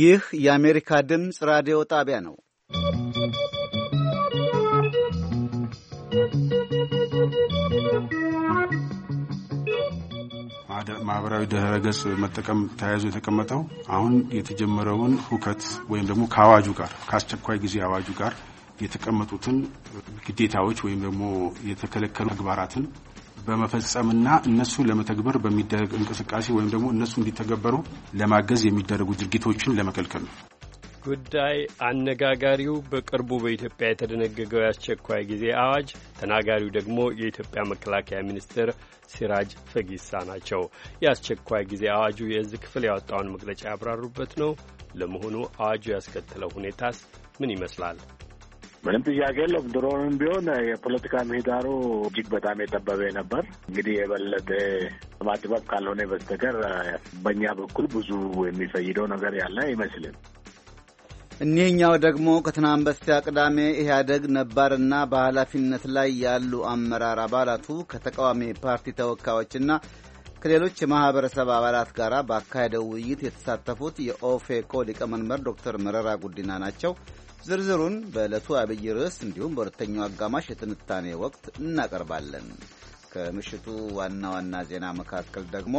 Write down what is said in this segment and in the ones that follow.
ይህ የአሜሪካ ድምፅ ራዲዮ ጣቢያ ነው። ማህበራዊ ድህረ ገጽ መጠቀም ተያይዞ የተቀመጠው አሁን የተጀመረውን ሁከት ወይም ደግሞ ከአዋጁ ጋር ከአስቸኳይ ጊዜ አዋጁ ጋር የተቀመጡትን ግዴታዎች ወይም ደግሞ የተከለከሉ ተግባራትን በመፈጸምና እነሱ ለመተግበር በሚደረግ እንቅስቃሴ ወይም ደግሞ እነሱ እንዲተገበሩ ለማገዝ የሚደረጉ ድርጊቶችን ለመከልከል ነው። ጉዳይ አነጋጋሪው በቅርቡ በኢትዮጵያ የተደነገገው የአስቸኳይ ጊዜ አዋጅ ተናጋሪው ደግሞ የኢትዮጵያ መከላከያ ሚኒስትር ሲራጅ ፈጊሳ ናቸው። የአስቸኳይ ጊዜ አዋጁ የእዝ ክፍል ያወጣውን መግለጫ ያብራሩበት ነው። ለመሆኑ አዋጁ ያስከተለው ሁኔታስ ምን ይመስላል? ምንም ጥያቄ የለም። ድሮንም ቢሆን የፖለቲካ ምህዳሩ እጅግ በጣም የጠበበ ነበር። እንግዲህ የበለጠ ማጥበብ ካልሆነ በስተቀር በእኛ በኩል ብዙ የሚፈይደው ነገር ያለ አይመስልም። እኒህኛው ደግሞ ከትናንት በስቲያ ቅዳሜ ኢህአደግ ነባርና በኃላፊነት ላይ ያሉ አመራር አባላቱ ከተቃዋሚ ፓርቲ ተወካዮችና ከሌሎች የማህበረሰብ አባላት ጋር ባካሄደው ውይይት የተሳተፉት የኦፌኮ ሊቀመንበር ዶክተር መረራ ጉዲና ናቸው። ዝርዝሩን በዕለቱ አብይ ርዕስ እንዲሁም በሁለተኛው አጋማሽ የትንታኔ ወቅት እናቀርባለን። ከምሽቱ ዋና ዋና ዜና መካከል ደግሞ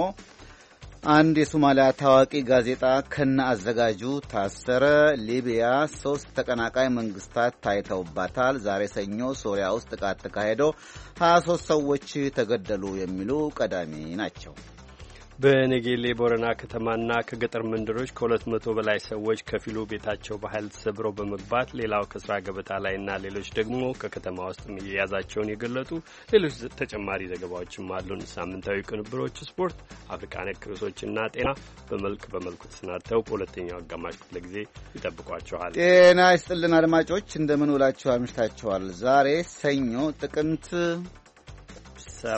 አንድ የሶማሊያ ታዋቂ ጋዜጣ ከነ አዘጋጁ ታሰረ። ሊቢያ ሶስት ተቀናቃይ መንግስታት ታይተውባታል። ዛሬ ሰኞ ሶሪያ ውስጥ ጥቃት ተካሄደው 23 ሰዎች ተገደሉ የሚሉ ቀዳሚ ናቸው። በነጌሌ ቦረና ከተማና ከገጠር መንደሮች ከሁለት መቶ በላይ ሰዎች ከፊሉ ቤታቸው በኃይል ተሰብረው በመግባት ሌላው ከስራ ገበታ ላይና ሌሎች ደግሞ ከከተማ ውስጥ መያያዛቸውን የገለጡ ሌሎች ተጨማሪ ዘገባዎችም አሉን። ሳምንታዊ ቅንብሮች፣ ስፖርት፣ አፍሪካ ነክ ርዕሶችና ጤና በመልክ በመልኩ ተሰናድተው በሁለተኛው አጋማሽ ክፍለ ጊዜ ይጠብቋቸዋል። ጤና ይስጥልን አድማጮች እንደምን ውላችሁ አምሽታችኋል። ዛሬ ሰኞ ጥቅምት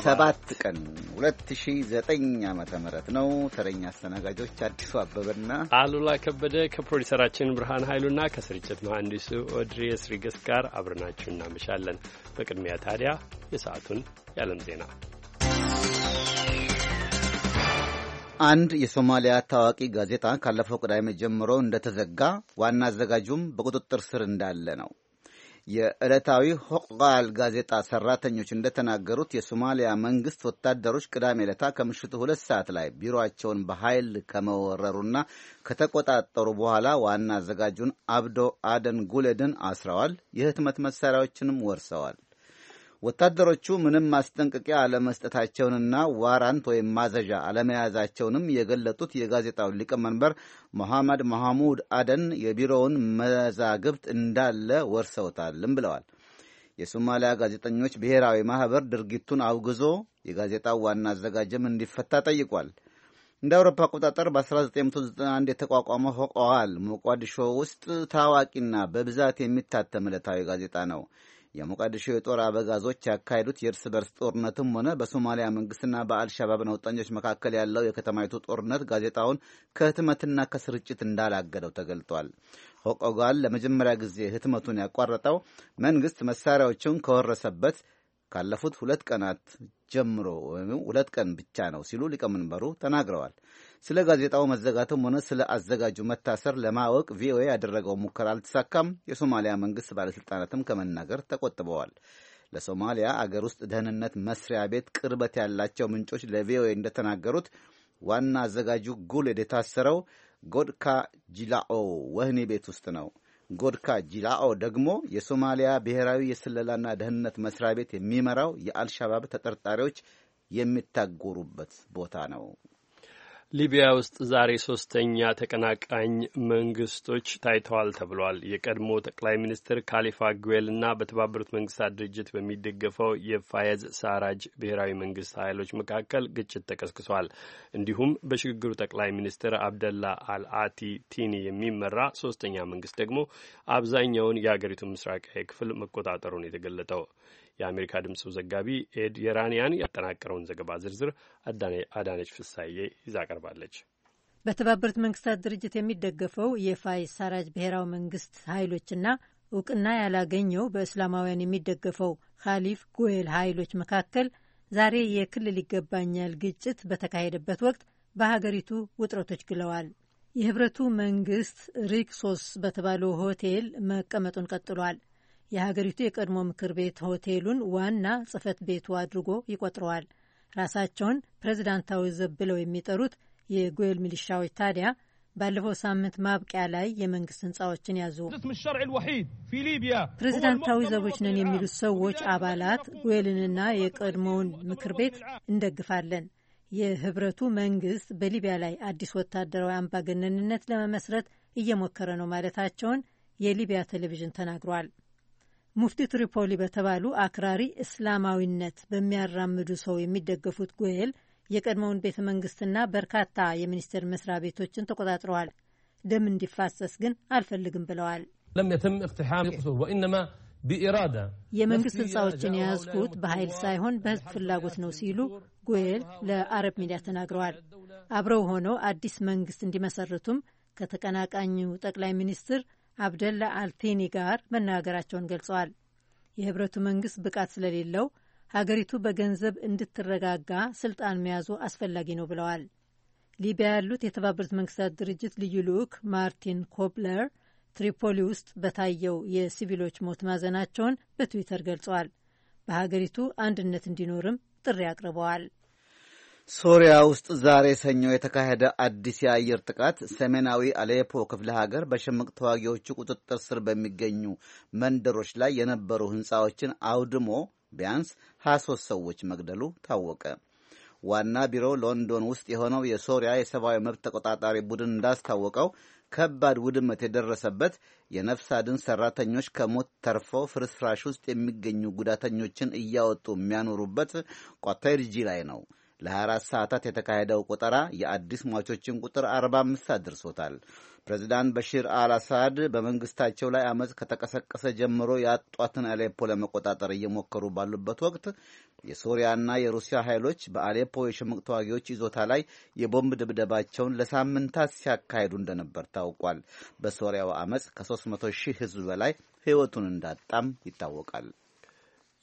ሰባት ቀን 2009 ዓ ም ነው። ተረኛ አስተናጋጆች አዲሱ አበበና አሉላ ከበደ ከፕሮዲሰራችን ብርሃን ኃይሉና ከስርጭት መሐንዲሱ ኦድሪየስ ሪገስ ጋር አብረናችሁ እናመሻለን። በቅድሚያ ታዲያ የሰዓቱን የዓለም ዜና አንድ የሶማሊያ ታዋቂ ጋዜጣ ካለፈው ቅዳሜ ጀምሮ እንደተዘጋ ዋና አዘጋጁም በቁጥጥር ስር እንዳለ ነው የዕለታዊ ሆቅቃል ጋዜጣ ሰራተኞች እንደተናገሩት የሶማሊያ መንግስት ወታደሮች ቅዳሜ ዕለታ ከምሽቱ ሁለት ሰዓት ላይ ቢሮአቸውን በኃይል ከመወረሩና ከተቆጣጠሩ በኋላ ዋና አዘጋጁን አብዶ አደን ጉሌድን አስረዋል። የህትመት መሳሪያዎችንም ወርሰዋል። ወታደሮቹ ምንም ማስጠንቀቂያ አለመስጠታቸውንና ዋራንት ወይም ማዘዣ አለመያዛቸውንም የገለጡት የጋዜጣው ሊቀመንበር መሐመድ መሐሙድ አደን የቢሮውን መዛግብት እንዳለ ወርሰውታልም ብለዋል። የሶማሊያ ጋዜጠኞች ብሔራዊ ማህበር ድርጊቱን አውግዞ የጋዜጣው ዋና አዘጋጅም እንዲፈታ ጠይቋል። እንደ አውሮፓ አቆጣጠር በ1991 የተቋቋመ ሆቀዋል ሞቃዲሾ ውስጥ ታዋቂና በብዛት የሚታተም ዕለታዊ ጋዜጣ ነው። የሞቃዲሾ የጦር አበጋዞች ያካሄዱት የእርስ በርስ ጦርነትም ሆነ በሶማሊያ መንግስትና በአልሻባብ ነውጠኞች መካከል ያለው የከተማይቱ ጦርነት ጋዜጣውን ከህትመትና ከስርጭት እንዳላገደው ተገልጧል። ሆቆጋል ለመጀመሪያ ጊዜ ህትመቱን ያቋረጠው መንግስት መሳሪያዎችን ከወረሰበት ካለፉት ሁለት ቀናት ጀምሮ ወይም ሁለት ቀን ብቻ ነው ሲሉ ሊቀመንበሩ ተናግረዋል። ስለ ጋዜጣው መዘጋትም ሆነ ስለ አዘጋጁ መታሰር ለማወቅ ቪኦኤ ያደረገው ሙከራ አልተሳካም። የሶማሊያ መንግስት ባለሥልጣናትም ከመናገር ተቆጥበዋል። ለሶማሊያ አገር ውስጥ ደህንነት መስሪያ ቤት ቅርበት ያላቸው ምንጮች ለቪኦኤ እንደተናገሩት ዋና አዘጋጁ ጉል የታሰረው ጎድካ ጂላኦ ወህኒ ቤት ውስጥ ነው። ጎድካ ጂላኦ ደግሞ የሶማሊያ ብሔራዊ የስለላና ደህንነት መስሪያ ቤት የሚመራው የአልሻባብ ተጠርጣሪዎች የሚታጎሩበት ቦታ ነው ሊቢያ ውስጥ ዛሬ ሶስተኛ ተቀናቃኝ መንግስቶች ታይተዋል ተብሏል። የቀድሞ ጠቅላይ ሚኒስትር ካሊፋ ጉዌል እና በተባበሩት መንግስታት ድርጅት በሚደገፈው የፋየዝ ሳራጅ ብሔራዊ መንግስት ኃይሎች መካከል ግጭት ተቀስቅሷል። እንዲሁም በሽግግሩ ጠቅላይ ሚኒስትር አብደላ አልአቲ ቲኒ የሚመራ ሶስተኛ መንግስት ደግሞ አብዛኛውን የአገሪቱ ምስራቃዊ ክፍል መቆጣጠሩን የተገለጠው የአሜሪካ ድምፁ ዘጋቢ ኤድ የራንያን ያጠናቀረውን ዘገባ ዝርዝር አዳነች ፍሳዬ ይዛ ቀርባለች። በተባበሩት መንግስታት ድርጅት የሚደገፈው የፋይ ሳራጅ ብሔራዊ መንግስት ኃይሎችና እውቅና ያላገኘው በእስላማውያን የሚደገፈው ካሊፍ ጎኤል ኃይሎች መካከል ዛሬ የክልል ይገባኛል ግጭት በተካሄደበት ወቅት በሀገሪቱ ውጥረቶች ግለዋል። የህብረቱ መንግስት ሪክሶስ በተባለው ሆቴል መቀመጡን ቀጥሏል። የሀገሪቱ የቀድሞ ምክር ቤት ሆቴሉን ዋና ጽህፈት ቤቱ አድርጎ ይቆጥረዋል። ራሳቸውን ፕሬዚዳንታዊ ዘብ ብለው የሚጠሩት የጎየል ሚሊሻዎች ታዲያ ባለፈው ሳምንት ማብቂያ ላይ የመንግስት ህንፃዎችን ያዙ። ፕሬዚዳንታዊ ዘቦች ነን የሚሉት ሰዎች አባላት ጎየልንና የቀድሞውን ምክር ቤት እንደግፋለን፣ የህብረቱ መንግስት በሊቢያ ላይ አዲስ ወታደራዊ አምባገነንነት ለመመስረት እየሞከረ ነው ማለታቸውን የሊቢያ ቴሌቪዥን ተናግሯል። ሙፍቲ ትሪፖሊ በተባሉ አክራሪ እስላማዊነት በሚያራምዱ ሰው የሚደገፉት ጎየል የቀድሞውን ቤተ መንግስትና በርካታ የሚኒስቴር መስሪያ ቤቶችን ተቆጣጥረዋል። ደም እንዲፋሰስ ግን አልፈልግም ብለዋል። የመንግስት ህንፃዎችን የያዝኩት በኃይል ሳይሆን በህዝብ ፍላጎት ነው ሲሉ ጎየል ለአረብ ሚዲያ ተናግረዋል። አብረው ሆነው አዲስ መንግስት እንዲመሰርቱም ከተቀናቃኙ ጠቅላይ ሚኒስትር አብደላ አልቲኒ ጋር መነጋገራቸውን ገልጸዋል። የህብረቱ መንግስት ብቃት ስለሌለው ሀገሪቱ በገንዘብ እንድትረጋጋ ስልጣን መያዙ አስፈላጊ ነው ብለዋል። ሊቢያ ያሉት የተባበሩት መንግስታት ድርጅት ልዩ ልዑክ ማርቲን ኮብለር ትሪፖሊ ውስጥ በታየው የሲቪሎች ሞት ማዘናቸውን በትዊተር ገልጸዋል። በሀገሪቱ አንድነት እንዲኖርም ጥሪ አቅርበዋል። ሶሪያ ውስጥ ዛሬ ሰኞ የተካሄደ አዲስ የአየር ጥቃት ሰሜናዊ አሌፖ ክፍለ ሀገር በሽምቅ ተዋጊዎቹ ቁጥጥር ስር በሚገኙ መንደሮች ላይ የነበሩ ሕንፃዎችን አውድሞ ቢያንስ 23 ሰዎች መግደሉ ታወቀ። ዋና ቢሮው ሎንዶን ውስጥ የሆነው የሶሪያ የሰብአዊ መብት ተቆጣጣሪ ቡድን እንዳስታወቀው ከባድ ውድመት የደረሰበት የነፍስ አድን ሰራተኞች ከሞት ተርፈው ፍርስራሽ ውስጥ የሚገኙ ጉዳተኞችን እያወጡ የሚያኖሩበት ቋተርጂ ላይ ነው። ለ24 ሰዓታት የተካሄደው ቆጠራ የአዲስ ሟቾችን ቁጥር 45 አድርሶታል። ፕሬዚዳንት በሽር አልአሳድ በመንግስታቸው ላይ አመፅ ከተቀሰቀሰ ጀምሮ ያጧትን አሌፖ ለመቆጣጠር እየሞከሩ ባሉበት ወቅት የሶሪያና የሩሲያ ኃይሎች በአሌፖ የሽምቅ ተዋጊዎች ይዞታ ላይ የቦምብ ድብደባቸውን ለሳምንታት ሲያካሂዱ እንደነበር ታውቋል። በሶሪያው አመፅ ከ300 ሺህ ህዝብ በላይ ህይወቱን እንዳጣም ይታወቃል።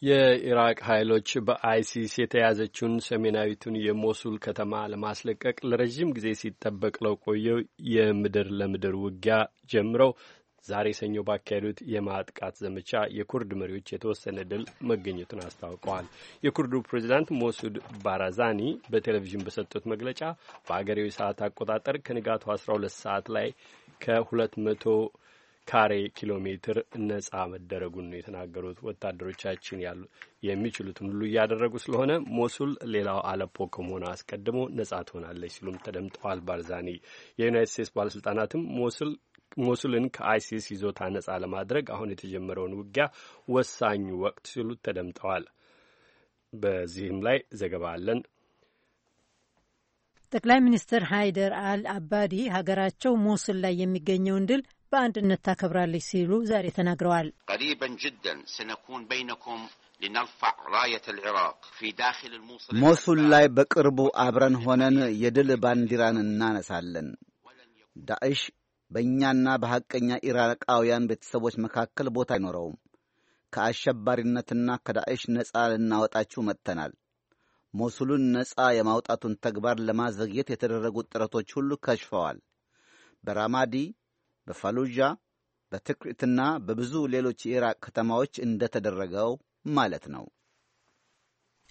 የኢራቅ ኃይሎች በአይሲስ የተያዘችውን ሰሜናዊቱን የሞሱል ከተማ ለማስለቀቅ ለረዥም ጊዜ ሲጠበቅ ለቆየው የምድር ለምድር ውጊያ ጀምረው ዛሬ ሰኞ ባካሄዱት የማጥቃት ዘመቻ የኩርድ መሪዎች የተወሰነ ድል መገኘቱን አስታውቀዋል። የኩርዱ ፕሬዚዳንት ሞሱድ ባራዛኒ በቴሌቪዥን በሰጡት መግለጫ በአገሬው የሰዓት አቆጣጠር ከንጋቱ 12 ሰዓት ላይ ከሁለት መቶ ካሬ ኪሎ ሜትር ነጻ መደረጉን ነው የተናገሩት። ወታደሮቻችን ያሉ የሚችሉትን ሁሉ እያደረጉ ስለሆነ ሞሱል ሌላው አለፖ ከመሆኑ አስቀድሞ ነጻ ትሆናለች ሲሉም ተደምጠዋል ባርዛኒ። የዩናይትድ ስቴትስ ባለስልጣናትም ሞሱል ሞሱልን ከአይሲስ ይዞታ ነጻ ለማድረግ አሁን የተጀመረውን ውጊያ ወሳኙ ወቅት ሲሉ ተደምጠዋል። በዚህም ላይ ዘገባ አለን። ጠቅላይ ሚኒስትር ሃይደር አል አባዲ ሀገራቸው ሞሱል ላይ የሚገኘውን ድል በአንድነት ታከብራለች ሲሉ ዛሬ ተናግረዋል። ቀሪበን ጅደን ስነኩን በይነኩም ልነርፋዕ ራየት ልዕራቅ ፊ ዳኪል ሞሱል ላይ በቅርቡ አብረን ሆነን የድል ባንዲራን እናነሳለን። ዳዕሽ በእኛና በሐቀኛ ኢራቃውያን ቤተሰቦች መካከል ቦታ አይኖረውም። ከአሸባሪነትና ከዳዕሽ ነጻ ልናወጣችሁ መጥተናል። ሞሱሉን ነጻ የማውጣቱን ተግባር ለማዘግየት የተደረጉት ጥረቶች ሁሉ ከሽፈዋል። በራማዲ በፋሉጃ በትክሪትና በብዙ ሌሎች የኢራቅ ከተማዎች እንደተደረገው ማለት ነው።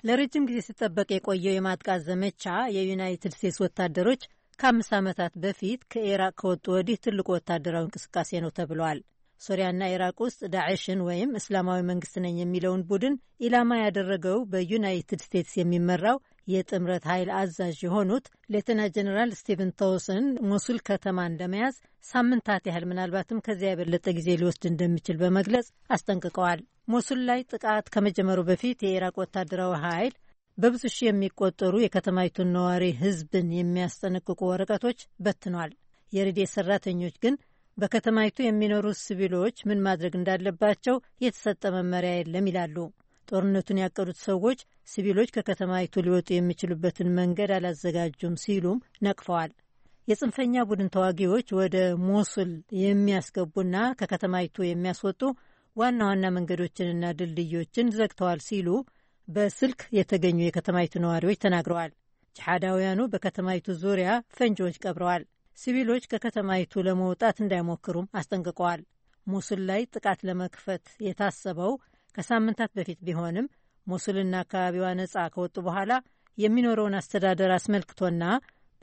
ለረጅም ጊዜ ሲጠበቅ የቆየው የማጥቃት ዘመቻ የዩናይትድ ስቴትስ ወታደሮች ከአምስት ዓመታት በፊት ከኢራቅ ከወጡ ወዲህ ትልቁ ወታደራዊ እንቅስቃሴ ነው ተብሏል። ሶሪያና ኢራቅ ውስጥ ዳዕሽን ወይም እስላማዊ መንግስት ነኝ የሚለውን ቡድን ኢላማ ያደረገው በዩናይትድ ስቴትስ የሚመራው የጥምረት ኃይል አዛዥ የሆኑት ሌተና ጀኔራል ስቲቨን ቶውስን ሞሱል ከተማን ለመያዝ ሳምንታት ያህል ምናልባትም ከዚያ የበለጠ ጊዜ ሊወስድ እንደሚችል በመግለጽ አስጠንቅቀዋል። ሞሱል ላይ ጥቃት ከመጀመሩ በፊት የኢራቅ ወታደራዊ ኃይል በብዙ ሺህ የሚቆጠሩ የከተማይቱን ነዋሪ ሕዝብን የሚያስጠነቅቁ ወረቀቶች በትኗል። የረድኤት ሰራተኞች ግን በከተማይቱ የሚኖሩ ሲቪሎች ምን ማድረግ እንዳለባቸው የተሰጠ መመሪያ የለም ይላሉ። ጦርነቱን ያቀዱት ሰዎች ሲቪሎች ከከተማይቱ ሊወጡ የሚችሉበትን መንገድ አላዘጋጁም ሲሉም ነቅፈዋል። የጽንፈኛ ቡድን ተዋጊዎች ወደ ሞሱል የሚያስገቡና ከከተማይቱ የሚያስወጡ ዋና ዋና መንገዶችንና ድልድዮችን ዘግተዋል ሲሉ በስልክ የተገኙ የከተማይቱ ነዋሪዎች ተናግረዋል። ጅሃዳውያኑ በከተማይቱ ዙሪያ ፈንጂዎች ቀብረዋል። ሲቪሎች ከከተማይቱ ለመውጣት እንዳይሞክሩም አስጠንቅቀዋል። ሙሱል ላይ ጥቃት ለመክፈት የታሰበው ከሳምንታት በፊት ቢሆንም ሞሱልና አካባቢዋ ነጻ ከወጡ በኋላ የሚኖረውን አስተዳደር አስመልክቶና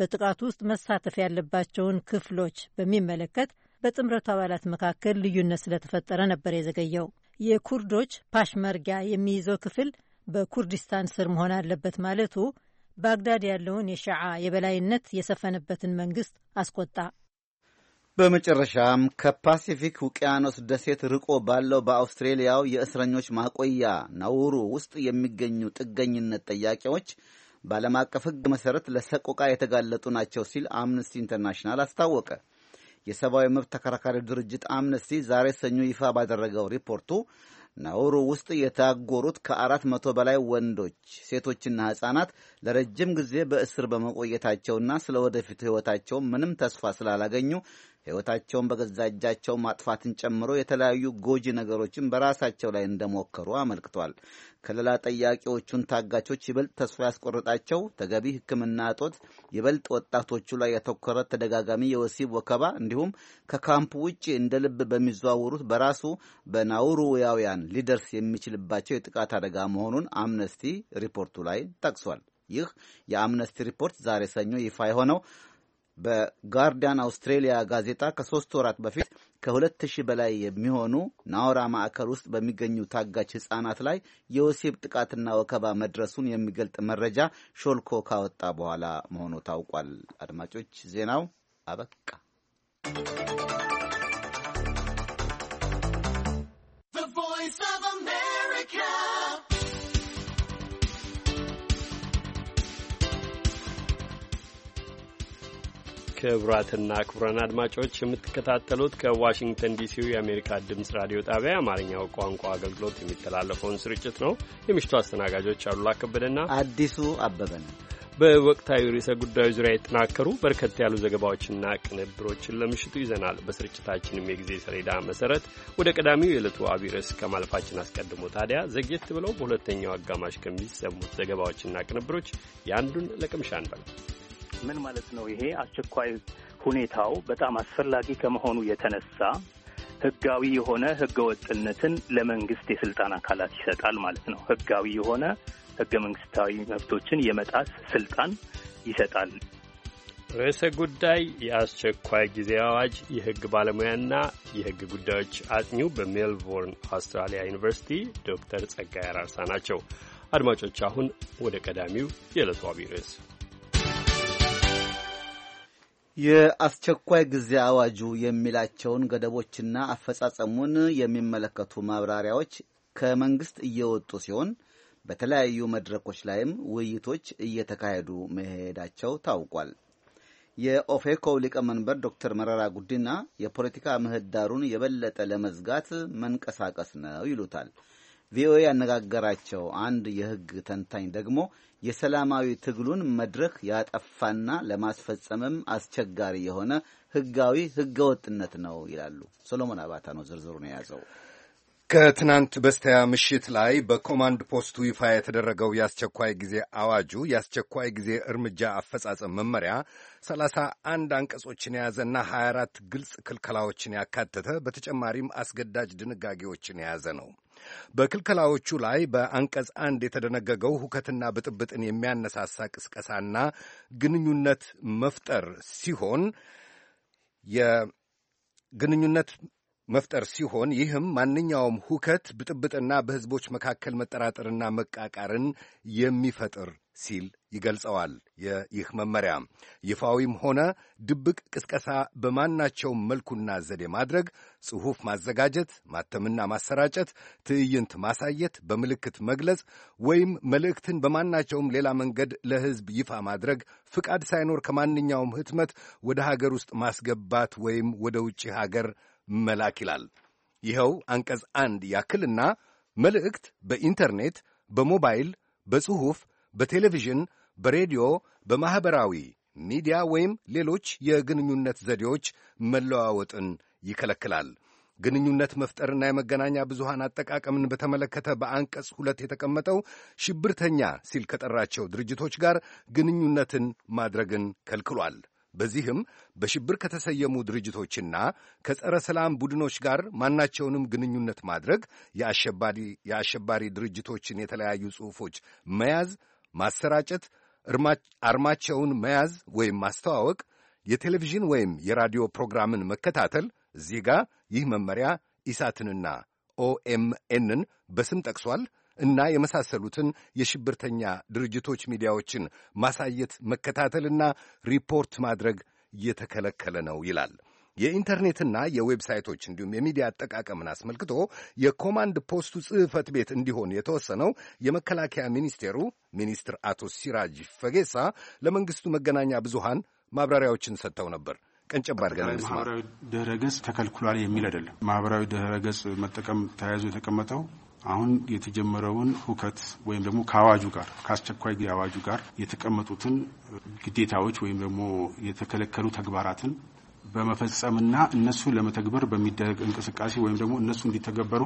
በጥቃቱ ውስጥ መሳተፍ ያለባቸውን ክፍሎች በሚመለከት በጥምረቱ አባላት መካከል ልዩነት ስለተፈጠረ ነበር የዘገየው። የኩርዶች ፓሽመርጊያ የሚይዘው ክፍል በኩርዲስታን ስር መሆን አለበት ማለቱ ባግዳድ ያለውን የሸዓ የበላይነት የሰፈነበትን መንግስት አስቆጣ። በመጨረሻም ከፓሲፊክ ውቅያኖስ ደሴት ርቆ ባለው በአውስትሬሊያው የእስረኞች ማቆያ ናውሩ ውስጥ የሚገኙ ጥገኝነት ጥያቄዎች በዓለም አቀፍ ሕግ መሠረት ለሰቆቃ የተጋለጡ ናቸው ሲል አምነስቲ ኢንተርናሽናል አስታወቀ። የሰብአዊ መብት ተከራካሪ ድርጅት አምነስቲ ዛሬ ሰኞ ይፋ ባደረገው ሪፖርቱ ናውሩ ውስጥ የታጎሩት ከአራት መቶ በላይ ወንዶች፣ ሴቶችና ሕፃናት ለረጅም ጊዜ በእስር በመቆየታቸውና ስለ ወደፊት ሕይወታቸው ምንም ተስፋ ስላላገኙ ሕይወታቸውን በገዛ እጃቸው ማጥፋትን ጨምሮ የተለያዩ ጎጂ ነገሮችን በራሳቸው ላይ እንደሞከሩ አመልክቷል። ከለላ ጠያቂዎቹን ታጋቾች ይበልጥ ተስፋ ያስቆረጣቸው ተገቢ ሕክምና እጦት፣ ይበልጥ ወጣቶቹ ላይ ያተኮረ ተደጋጋሚ የወሲብ ወከባ እንዲሁም ከካምፕ ውጭ እንደ ልብ በሚዘዋወሩት በራሱ በናውሩያውያን ሊደርስ የሚችልባቸው የጥቃት አደጋ መሆኑን አምነስቲ ሪፖርቱ ላይ ጠቅሷል። ይህ የአምነስቲ ሪፖርት ዛሬ ሰኞ ይፋ የሆነው በጋርዲያን አውስትሬሊያ ጋዜጣ ከሶስት ወራት በፊት ከሁለት ሺህ በላይ የሚሆኑ ናውራ ማዕከል ውስጥ በሚገኙ ታጋች ህጻናት ላይ የወሲብ ጥቃትና ወከባ መድረሱን የሚገልጥ መረጃ ሾልኮ ካወጣ በኋላ መሆኑ ታውቋል። አድማጮች ዜናው አበቃ። ክቡራትና ክቡራን አድማጮች የምትከታተሉት ከዋሽንግተን ዲሲው የአሜሪካ ድምፅ ራዲዮ ጣቢያ የአማርኛ ቋንቋ አገልግሎት የሚተላለፈውን ስርጭት ነው። የምሽቱ አስተናጋጆች አሉላ ከበደና አዲሱ አበበ ነው። በወቅታዊ ርዕሰ ጉዳዮች ዙሪያ የተጠናከሩ በርከት ያሉ ዘገባዎችና ቅንብሮችን ለምሽቱ ይዘናል። በስርጭታችንም የጊዜ ሰሌዳ መሰረት ወደ ቀዳሚው የዕለቱ አብይ ርዕስ ከማለፋችን አስቀድሞ ታዲያ ዘግየት ብለው በሁለተኛው አጋማሽ ከሚሰሙት ዘገባዎችና ቅንብሮች የአንዱን ለቅምሻ እንበል። ምን ማለት ነው? ይሄ አስቸኳይ ሁኔታው በጣም አስፈላጊ ከመሆኑ የተነሳ ህጋዊ የሆነ ህገወጥነትን ለመንግስት የስልጣን አካላት ይሰጣል ማለት ነው። ህጋዊ የሆነ ህገ መንግስታዊ መብቶችን የመጣስ ስልጣን ይሰጣል። ርዕሰ ጉዳይ የአስቸኳይ ጊዜ አዋጅ የህግ ባለሙያና የህግ ጉዳዮች አጥኚው በሜልቦርን አውስትራሊያ ዩኒቨርሲቲ ዶክተር ጸጋዬ አራርሳ ናቸው። አድማጮች አሁን ወደ ቀዳሚው የዕለቱ አብይ ርዕስ የአስቸኳይ ጊዜ አዋጁ የሚላቸውን ገደቦችና አፈጻጸሙን የሚመለከቱ ማብራሪያዎች ከመንግስት እየወጡ ሲሆን በተለያዩ መድረኮች ላይም ውይይቶች እየተካሄዱ መሄዳቸው ታውቋል። የኦፌኮው ሊቀመንበር ዶክተር መረራ ጉዲና የፖለቲካ ምህዳሩን የበለጠ ለመዝጋት መንቀሳቀስ ነው ይሉታል። ቪኦኤ ያነጋገራቸው አንድ የሕግ ተንታኝ ደግሞ የሰላማዊ ትግሉን መድረክ ያጠፋና ለማስፈጸምም አስቸጋሪ የሆነ ህጋዊ ህገወጥነት ነው ይላሉ። ሶሎሞን አባታ ነው ዝርዝሩን የያዘው። ከትናንት በስቲያ ምሽት ላይ በኮማንድ ፖስቱ ይፋ የተደረገው የአስቸኳይ ጊዜ አዋጁ የአስቸኳይ ጊዜ እርምጃ አፈጻጸም መመሪያ አንድ አንቀጾችን የያዘና 24 ግልጽ ክልከላዎችን ያካተተ በተጨማሪም አስገዳጅ ድንጋጌዎችን የያዘ ነው። በክልከላዎቹ ላይ በአንቀጽ አንድ የተደነገገው ሁከትና ብጥብጥን የሚያነሳሳ ቅስቀሳና ግንኙነት መፍጠር ሲሆን የግንኙነት መፍጠር ሲሆን ይህም ማንኛውም ሁከት ብጥብጥና በሕዝቦች መካከል መጠራጠርና መቃቃርን የሚፈጥር ሲል ይገልጸዋል። ይህ መመሪያ ይፋዊም ሆነ ድብቅ ቅስቀሳ በማናቸውም መልኩና ዘዴ ማድረግ፣ ጽሑፍ ማዘጋጀት፣ ማተምና ማሰራጨት፣ ትዕይንት ማሳየት፣ በምልክት መግለጽ ወይም መልእክትን በማናቸውም ሌላ መንገድ ለሕዝብ ይፋ ማድረግ ፍቃድ ሳይኖር ከማንኛውም ህትመት ወደ ሀገር ውስጥ ማስገባት ወይም ወደ ውጭ ሀገር መላክ ይላል። ይኸው አንቀጽ አንድ ያክልና መልእክት በኢንተርኔት፣ በሞባይል፣ በጽሑፍ በቴሌቪዥን፣ በሬዲዮ፣ በማኅበራዊ ሚዲያ ወይም ሌሎች የግንኙነት ዘዴዎች መለዋወጥን ይከለክላል። ግንኙነት መፍጠርና የመገናኛ ብዙሃን አጠቃቀምን በተመለከተ በአንቀጽ ሁለት የተቀመጠው ሽብርተኛ ሲል ከጠራቸው ድርጅቶች ጋር ግንኙነትን ማድረግን ከልክሏል። በዚህም በሽብር ከተሰየሙ ድርጅቶችና ከጸረ ሰላም ቡድኖች ጋር ማናቸውንም ግንኙነት ማድረግ፣ የአሸባሪ ድርጅቶችን የተለያዩ ጽሑፎች መያዝ ማሰራጨት፣ አርማቸውን መያዝ ወይም ማስተዋወቅ፣ የቴሌቪዥን ወይም የራዲዮ ፕሮግራምን መከታተል እዚህ ጋር ይህ መመሪያ ኢሳትንና ኦኤምኤንን በስም ጠቅሷል እና የመሳሰሉትን የሽብርተኛ ድርጅቶች ሚዲያዎችን ማሳየት መከታተልና ሪፖርት ማድረግ እየተከለከለ ነው ይላል። የኢንተርኔትና የዌብሳይቶች እንዲሁም የሚዲያ አጠቃቀምን አስመልክቶ የኮማንድ ፖስቱ ጽህፈት ቤት እንዲሆን የተወሰነው የመከላከያ ሚኒስቴሩ ሚኒስትር አቶ ሲራጅ ፈጌሳ ለመንግስቱ መገናኛ ብዙሃን ማብራሪያዎችን ሰጥተው ነበር። ቀንጨብ ማህበራዊ ድህረ ገጽ ተከልክሏል የሚል አይደለም። ማህበራዊ ድህረ ገጽ መጠቀም ተያይዞ የተቀመጠው አሁን የተጀመረውን ሁከት ወይም ደግሞ ከአዋጁ ጋር ከአስቸኳይ አዋጁ ጋር የተቀመጡትን ግዴታዎች ወይም ደግሞ የተከለከሉ ተግባራትን በመፈጸምና እነሱ ለመተግበር በሚደረግ እንቅስቃሴ ወይም ደግሞ እነሱ እንዲተገበሩ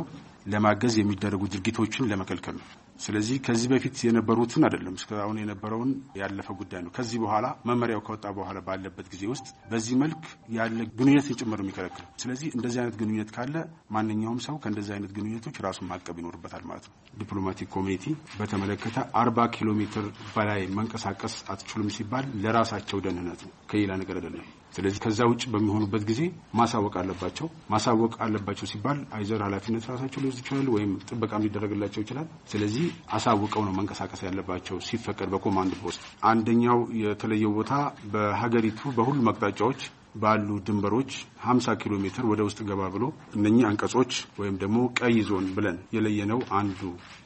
ለማገዝ የሚደረጉ ድርጊቶችን ለመከልከል ነው። ስለዚህ ከዚህ በፊት የነበሩትን አይደለም እስካሁን የነበረውን ያለፈ ጉዳይ ነው። ከዚህ በኋላ መመሪያው ከወጣ በኋላ ባለበት ጊዜ ውስጥ በዚህ መልክ ያለ ግንኙነትን ጭምር የሚከለክል ስለዚህ እንደዚህ አይነት ግንኙነት ካለ ማንኛውም ሰው ከእንደዚህ አይነት ግንኙነቶች ራሱን ማቀብ ይኖርበታል ማለት ነው። ዲፕሎማቲክ ኮሚኒቲ በተመለከተ አርባ ኪሎ ሜትር በላይ መንቀሳቀስ አትችሉም ሲባል ለራሳቸው ደህንነት ነው ከሌላ ነገር አይደለም። ስለዚህ ከዛ ውጭ በሚሆኑበት ጊዜ ማሳወቅ አለባቸው። ማሳወቅ አለባቸው ሲባል አይዘር ኃላፊነት ራሳቸው ሊወስድ ይችላል፣ ወይም ጥበቃም ሊደረግላቸው ይችላል። ስለዚህ አሳውቀው ነው መንቀሳቀስ ያለባቸው ሲፈቀድ በኮማንድ ፖስት። አንደኛው የተለየው ቦታ በሀገሪቱ በሁሉም አቅጣጫዎች ባሉ ድንበሮች 50 ኪሎ ሜትር ወደ ውስጥ ገባ ብሎ እነኚህ አንቀጾች ወይም ደግሞ ቀይ ዞን ብለን የለየነው አንዱ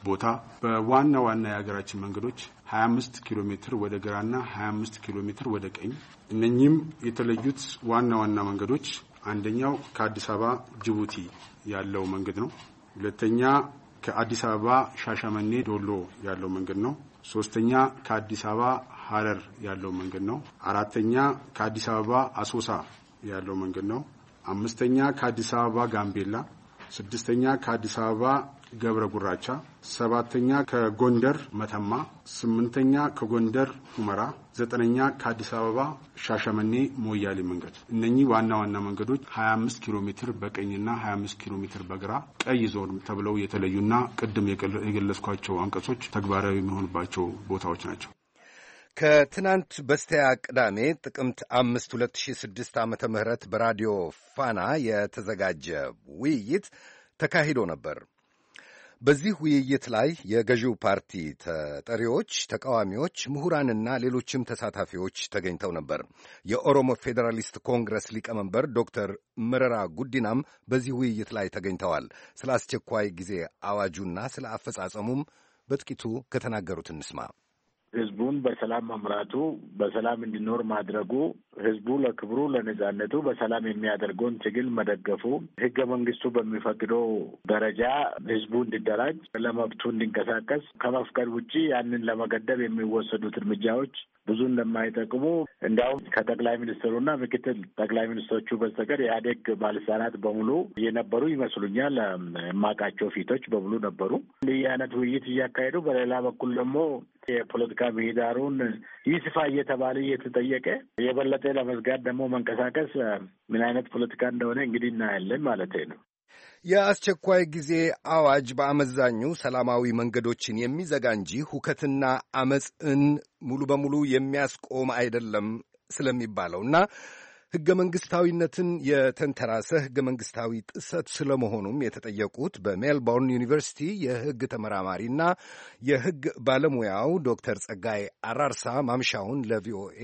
ቦታ በዋና ዋና የሀገራችን መንገዶች 25 ኪሎ ሜትር ወደ ግራና 25 ኪሎ ሜትር ወደ ቀኝ። እነኚህም የተለዩት ዋና ዋና መንገዶች አንደኛው ከአዲስ አበባ ጅቡቲ ያለው መንገድ ነው። ሁለተኛ ከአዲስ አበባ ሻሸመኔ ዶሎ ያለው መንገድ ነው። ሶስተኛ ከአዲስ አበባ ሀረር ያለው መንገድ ነው። አራተኛ ከአዲስ አበባ አሶሳ ያለው መንገድ ነው። አምስተኛ ከአዲስ አበባ ጋምቤላ፣ ስድስተኛ ከአዲስ አበባ ገብረ ጉራቻ፣ ሰባተኛ ከጎንደር መተማ፣ ስምንተኛ ከጎንደር ሁመራ፣ ዘጠነኛ ከአዲስ አበባ ሻሸመኔ ሞያሌ መንገድ። እነኚህ ዋና ዋና መንገዶች 25 ኪሎ ሜትር በቀኝና 25 ኪሎ ሜትር በግራ ቀይ ዞን ተብለው የተለዩና ቅድም የገለጽኳቸው አንቀጾች ተግባራዊ የሚሆኑባቸው ቦታዎች ናቸው። ከትናንት በስቲያ ቅዳሜ ጥቅምት አምስት 2006 ዓመተ ምህረት በራዲዮ ፋና የተዘጋጀ ውይይት ተካሂዶ ነበር። በዚህ ውይይት ላይ የገዢው ፓርቲ ተጠሪዎች፣ ተቃዋሚዎች፣ ምሁራንና ሌሎችም ተሳታፊዎች ተገኝተው ነበር። የኦሮሞ ፌዴራሊስት ኮንግረስ ሊቀመንበር ዶክተር መረራ ጉዲናም በዚህ ውይይት ላይ ተገኝተዋል። ስለ አስቸኳይ ጊዜ አዋጁና ስለ አፈጻጸሙም በጥቂቱ ከተናገሩት እንስማ። ህዝቡን በሰላም መምራቱ፣ በሰላም እንዲኖር ማድረጉ፣ ህዝቡ ለክብሩ ለነጻነቱ በሰላም የሚያደርገውን ትግል መደገፉ፣ ህገ መንግስቱ በሚፈቅደው ደረጃ ህዝቡ እንዲደራጅ፣ ለመብቱ እንዲንቀሳቀስ ከመፍቀድ ውጭ ያንን ለመገደብ የሚወሰዱት እርምጃዎች ብዙ እንደማይጠቅሙ እንዲያውም ከጠቅላይ ሚኒስትሩና ምክትል ጠቅላይ ሚኒስትሮቹ በስተቀር የኢህአዴግ ባለስልጣናት በሙሉ የነበሩ ይመስሉኛል። የማውቃቸው ፊቶች በሙሉ ነበሩ። ይህ አይነት ውይይት እያካሄዱ በሌላ በኩል ደግሞ የፖለቲካ ምህዳሩን ይስፋ እየተባለ እየተጠየቀ የበለጠ ለመዝጋት ደግሞ መንቀሳቀስ ምን አይነት ፖለቲካ እንደሆነ እንግዲህ እናያለን ማለት ነው። የአስቸኳይ ጊዜ አዋጅ በአመዛኙ ሰላማዊ መንገዶችን የሚዘጋ እንጂ ሁከትና አመፅን ሙሉ በሙሉ የሚያስቆም አይደለም ስለሚባለውና ሕገ መንግሥታዊነትን የተንተራሰ ሕገ መንግሥታዊ ጥሰት ስለመሆኑም የተጠየቁት በሜልቦርን ዩኒቨርሲቲ የሕግ ተመራማሪና የሕግ ባለሙያው ዶክተር ጸጋይ አራርሳ ማምሻውን ለቪኦኤ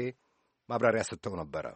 ማብራሪያ ሰጥተው ነበረ።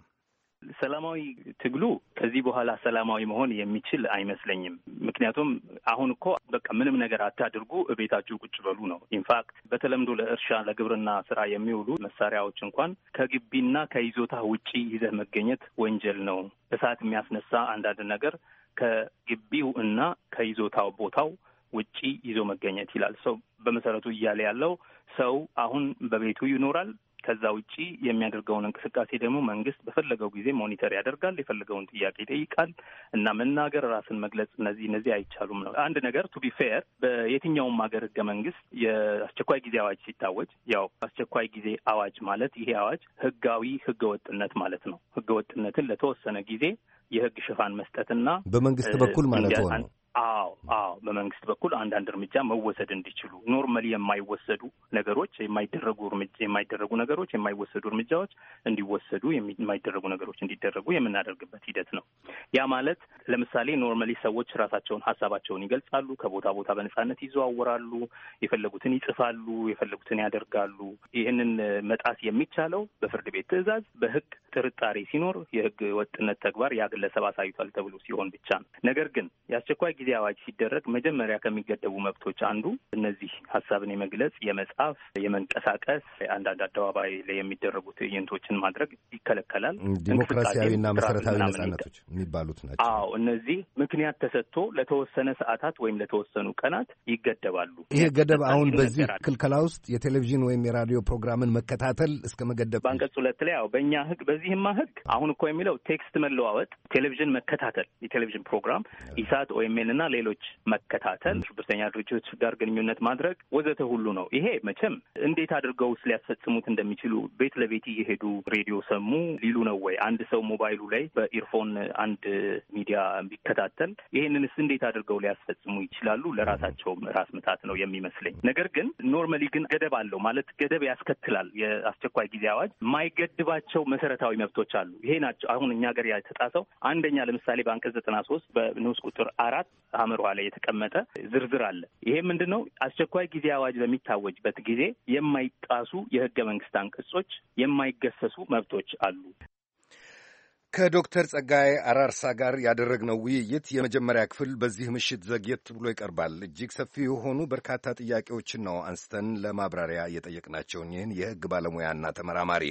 ሰላማዊ ትግሉ ከዚህ በኋላ ሰላማዊ መሆን የሚችል አይመስለኝም። ምክንያቱም አሁን እኮ በቃ ምንም ነገር አታድርጉ፣ እቤታችሁ ቁጭ በሉ ነው። ኢንፋክት በተለምዶ ለእርሻ ለግብርና ስራ የሚውሉ መሳሪያዎች እንኳን ከግቢና ከይዞታ ውጪ ይዘህ መገኘት ወንጀል ነው። እሳት የሚያስነሳ አንዳንድ ነገር ከግቢው እና ከይዞታው ቦታው ውጪ ይዞ መገኘት ይላል። ሰው በመሰረቱ እያለ ያለው ሰው አሁን በቤቱ ይኖራል፣ ከዛ ውጪ የሚያደርገውን እንቅስቃሴ ደግሞ መንግስት በፈለገው ጊዜ ሞኒተር ያደርጋል፣ የፈለገውን ጥያቄ ይጠይቃል እና መናገር፣ ራስን መግለጽ እነዚህ እነዚህ አይቻሉም ነው። አንድ ነገር ቱ ቢ ፌር በየትኛውም ሀገር ህገ መንግስት የአስቸኳይ ጊዜ አዋጅ ሲታወጅ ያው አስቸኳይ ጊዜ አዋጅ ማለት ይሄ አዋጅ ህጋዊ ህገወጥነት ማለት ነው። ወጥነትን ለተወሰነ ጊዜ የህግ ሽፋን መስጠትና በመንግስት በኩል ማለት ሆነ አዎ አዎ፣ በመንግስት በኩል አንዳንድ እርምጃ መወሰድ እንዲችሉ ኖርማሊ የማይወሰዱ ነገሮች የማይደረጉ እርምጃ የማይደረጉ ነገሮች የማይወሰዱ እርምጃዎች እንዲወሰዱ የማይደረጉ ነገሮች እንዲደረጉ የምናደርግበት ሂደት ነው። ያ ማለት ለምሳሌ ኖርማሊ ሰዎች ራሳቸውን ሀሳባቸውን ይገልጻሉ፣ ከቦታ ቦታ በነጻነት ይዘዋወራሉ፣ የፈለጉትን ይጽፋሉ፣ የፈለጉትን ያደርጋሉ። ይህንን መጣስ የሚቻለው በፍርድ ቤት ትዕዛዝ፣ በህግ ጥርጣሬ ሲኖር የህግ ወጥነት ተግባር ያ ግለሰብ አሳይቷል ተብሎ ሲሆን ብቻ ነው። ነገር ግን የአስቸኳይ ጊዜ አዋጅ ሲደረግ መጀመሪያ ከሚገደቡ መብቶች አንዱ እነዚህ ሀሳብን የመግለጽ፣ የመጻፍ፣ የመንቀሳቀስ አንዳንድ አደባባይ ላይ የሚደረጉ ትዕይንቶችን ማድረግ ይከለከላል። ዲሞክራሲያዊና መሰረታዊ ነጻነቶች የሚባሉት ናቸው። አዎ እነዚህ ምክንያት ተሰጥቶ ለተወሰነ ሰዓታት ወይም ለተወሰኑ ቀናት ይገደባሉ። ይሄ ገደብ አሁን በዚህ ክልከላ ውስጥ የቴሌቪዥን ወይም የራዲዮ ፕሮግራምን መከታተል እስከ መገደብ በአንቀጽ ሁለት ላይ ያው በእኛ ህግ በዚህማ ህግ አሁን እኮ የሚለው ቴክስት መለዋወጥ፣ ቴሌቪዥን መከታተል፣ የቴሌቪዥን ፕሮግራም ኢሳት ወይም እና ሌሎች መከታተል፣ ሽብርተኛ ድርጅቶች ጋር ግንኙነት ማድረግ ወዘተ ሁሉ ነው። ይሄ መቼም እንዴት አድርገው ሊያስፈጽሙት እንደሚችሉ ቤት ለቤት እየሄዱ ሬዲዮ ሰሙ ሊሉ ነው ወይ? አንድ ሰው ሞባይሉ ላይ በኢርፎን አንድ ሚዲያ ቢከታተል ይሄንንስ እንዴት አድርገው ሊያስፈጽሙ ይችላሉ? ለራሳቸውም ራስ ምታት ነው የሚመስለኝ። ነገር ግን ኖርማሊ ግን ገደብ አለው ማለት ገደብ ያስከትላል። የአስቸኳይ ጊዜ አዋጅ የማይገድባቸው መሰረታዊ መብቶች አሉ። ይሄ ናቸው አሁን እኛ ሀገር የተጣሰው አንደኛ፣ ለምሳሌ በአንቀጽ ዘጠና ሶስት በንዑስ ቁጥር አራት አምርኋ ላይ የተቀመጠ ዝርዝር አለ። ይሄ ምንድን ነው? አስቸኳይ ጊዜ አዋጅ በሚታወጅበት ጊዜ የማይጣሱ የህገ መንግስት አንቀጾች፣ የማይገሰሱ መብቶች አሉ። ከዶክተር ጸጋዬ አራርሳ ጋር ያደረግነው ውይይት የመጀመሪያ ክፍል በዚህ ምሽት ዘግየት ብሎ ይቀርባል። እጅግ ሰፊ የሆኑ በርካታ ጥያቄዎችን ነው አንስተን ለማብራሪያ የጠየቅናቸውን ይህን የሕግ ባለሙያና ተመራማሪ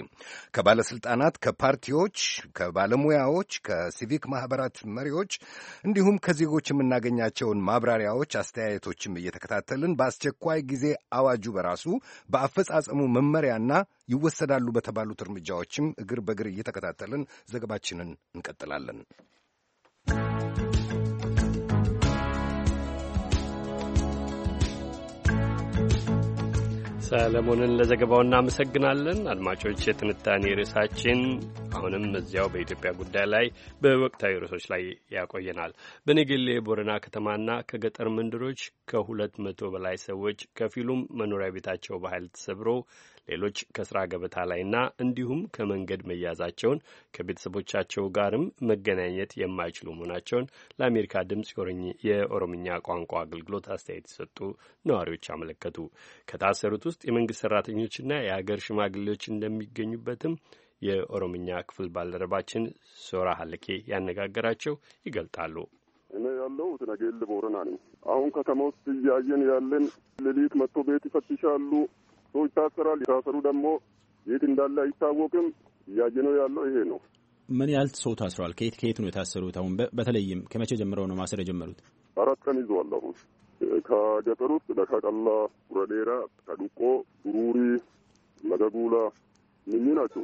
ከባለስልጣናት፣ ከፓርቲዎች፣ ከባለሙያዎች፣ ከሲቪክ ማህበራት መሪዎች እንዲሁም ከዜጎች የምናገኛቸውን ማብራሪያዎች፣ አስተያየቶችም እየተከታተልን በአስቸኳይ ጊዜ አዋጁ በራሱ በአፈጻጸሙ መመሪያና ይወሰዳሉ በተባሉት እርምጃዎችም እግር በእግር እየተከታተልን ዘገባችን ዝግጅታችንን እንቀጥላለን። ሰለሞንን ለዘገባው እናመሰግናለን። አድማጮች፣ የትንታኔ ርዕሳችን አሁንም እዚያው በኢትዮጵያ ጉዳይ ላይ በወቅታዊ ርዕሶች ላይ ያቆየናል። በነገሌ ቦረና ከተማና ከገጠር መንደሮች ከሁለት መቶ በላይ ሰዎች ከፊሉም መኖሪያ ቤታቸው በኃይል ተሰብሮ ሌሎች ከስራ ገበታ ላይና እንዲሁም ከመንገድ መያዛቸውን ከቤተሰቦቻቸው ጋርም መገናኘት የማይችሉ መሆናቸውን ለአሜሪካ ድምፅ የኦሮምኛ ቋንቋ አገልግሎት አስተያየት የሰጡ ነዋሪዎች አመለከቱ። ከታሰሩት ውስጥ የመንግስት ሰራተኞችና የሀገር ሽማግሌዎች እንደሚገኙበትም የኦሮምኛ ክፍል ባልደረባችን ሶራ ሀለኬ ያነጋገራቸው ይገልጣሉ። እኔ ያለሁት ነገሌ ቦረና ነኝ። አሁን ከተማ ውስጥ እያየን ያለን ሌሊት መጥቶ ቤት ይፈትሻሉ። ሰው ይታሰራል። የታሰሩ ደግሞ የት እንዳለ አይታወቅም። እያየነው ያለው ይሄ ነው። ምን ያህል ሰው ታስሯል? ከየት ከየት ነው የታሰሩት? አሁን በተለይም ከመቼ ጀምረው ነው ማሰር የጀመሩት? አራት ቀን ይዘዋል። አሁን ከገጠር ውስጥ ለካቀላ፣ ቡረዴራ፣ ከዱቆ፣ ጉሩሪ፣ ለገጉላ ምኝ ናቸው።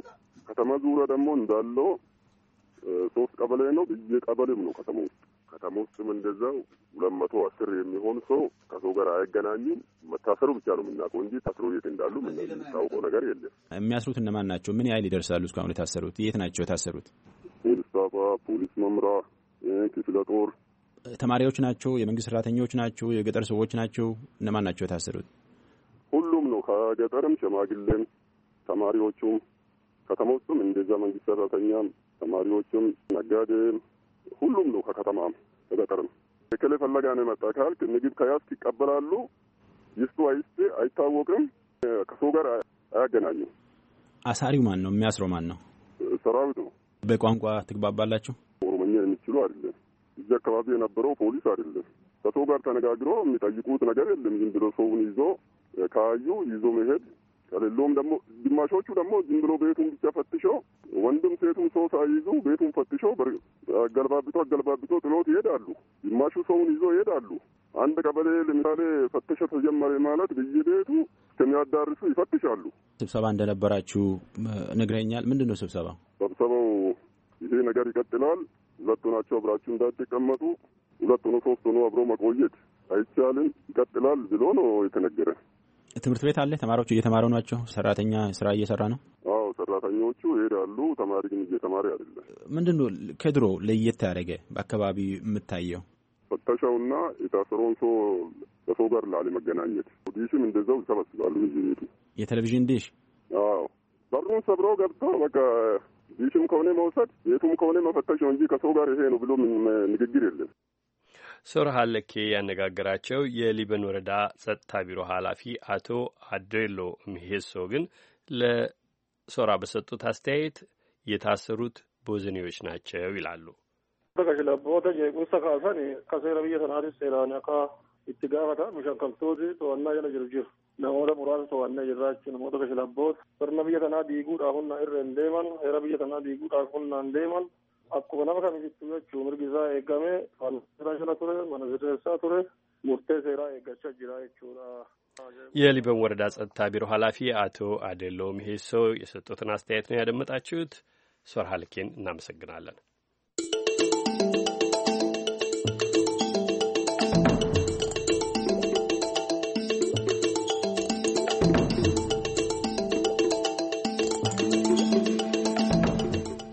ከተማ ዙሪያ ደግሞ እንዳለው ሶስት ቀበሌ ነው። ብዬ ቀበሌም ነው ከተማ ውስጥ ከተማ ውስጥም እንደዛው ሁለት መቶ አስር የሚሆን ሰው ከሰው ጋር አያገናኝም መታሰሩ ብቻ ነው የምናውቀው እንጂ ታስሮ የት እንዳሉ የምታውቀው ነገር የለም። የሚያስሩት እነማን ናቸው? ምን ያህል ይደርሳሉ? እስካሁን የታሰሩት የት ናቸው የታሰሩት? ፖሊስ ጣባ፣ ፖሊስ መምራ ክፍለ ጦር ተማሪዎች ናቸው? የመንግስት ሰራተኞች ናቸው? የገጠር ሰዎች ናቸው? እነማን ናቸው የታሰሩት? ሁሉም ነው። ከገጠርም ሸማግሌም፣ ተማሪዎቹም ከተማ ውስጥም እንደዛ መንግስት ሰራተኛም፣ ተማሪዎቹም፣ ነጋዴም ሁሉም ነው ከከተማም ነው። እከሌ ፈለጋ ነው የመጣ ካልክ ምግብ ከያዝክ ይቀበላሉ። ይስጡ አይስጥ አይታወቅም። ከሰው ጋር አያገናኝም። አሳሪው ማን ነው? የሚያስረው ማን ነው? ሰራዊት ነው። በቋንቋ ትግባባላችሁ? ኦሮሞኛ የሚችሉ አይደለም። እዚህ አካባቢ የነበረው ፖሊስ አይደለም። ከሰው ጋር ተነጋግሮ የሚጠይቁት ነገር የለም። ዝም ብሎ ሰውን ይዞ ካዩ ይዞ መሄድ ከሌለውም ደግሞ ግማሾቹ ደግሞ ዝም ብሎ ቤቱን ብቻ ፈትሸው ወንድም ሴቱም ሰው ሳይይዙ ቤቱን ፈትሾ አገልባብቶ አገልባብቶ ጥሎት ይሄዳሉ። ግማሹ ሰውን ይዞ ይሄዳሉ። አንድ ቀበሌ ለምሳሌ ፈተሸ ተጀመረ ማለት በየቤቱ እስከሚያዳርሱ ይፈትሻሉ። ስብሰባ እንደነበራችሁ ነግረኛል። ምንድን ነው ስብሰባ? ስብሰባው ይሄ ነገር ይቀጥላል፣ ሁለቱ ናቸው አብራችሁ እንዳትቀመጡ፣ ሁለት ሆኖ ሶስት ሆኖ አብሮ መቆየት አይቻልም፣ ይቀጥላል ብሎ ነው የተነገረ ትምህርት ቤት አለ። ተማሪዎቹ እየተማሩ ናቸው። ሰራተኛ ስራ እየሰራ ነው። አዎ ሰራተኞቹ ይሄዳሉ። ተማሪ ግን እየተማሪ አይደለም። ምንድን ነው ከድሮ ለየት ያደረገ በአካባቢ የምታየው? ፈተሻውና የታሰረውን ሰው ከሰው ጋር መገናኘት ዲሽም እንደዛው ይሰበስባሉ። ቤቱ የቴሌቪዥን ዲሽ አዎ፣ በሩን ሰብረው ገብተው በቃ ዲሽም ከሆነ መውሰድ ቤቱም ከሆነ መፈተሽ ነው እንጂ ከሰው ጋር ይሄ ነው ብሎ ንግግር የለም። ሶር ሀለኬ ያነጋገራቸው የሊበን ወረዳ ጸጥታ ቢሮ ኃላፊ አቶ አድሬሎ ምሄሶ ግን ለሶራ በሰጡት አስተያየት የታሰሩት ቦዝኒዎች ናቸው ይላሉ። namoota muraasa to'annaa jiraachuun namoota kashalabboota sirna biyya tanaa diiguudhaaf humnaa irra hin deeman heera biyya tanaa diiguudhaaf humnaan deeman akkuma nama kan ibsu jechuun mirgi isaa eegame seeraa shala ture mana sirreessaa ture murtee seeraa eeggachaa jira jechuudha። የሊበን ወረዳ ጸጥታ ቢሮ ኃላፊ አቶ አደሎ ምሄሶ የሰጡትን አስተያየት ነው ያደመጣችሁት። ሶር ሀልኬን እናመሰግናለን።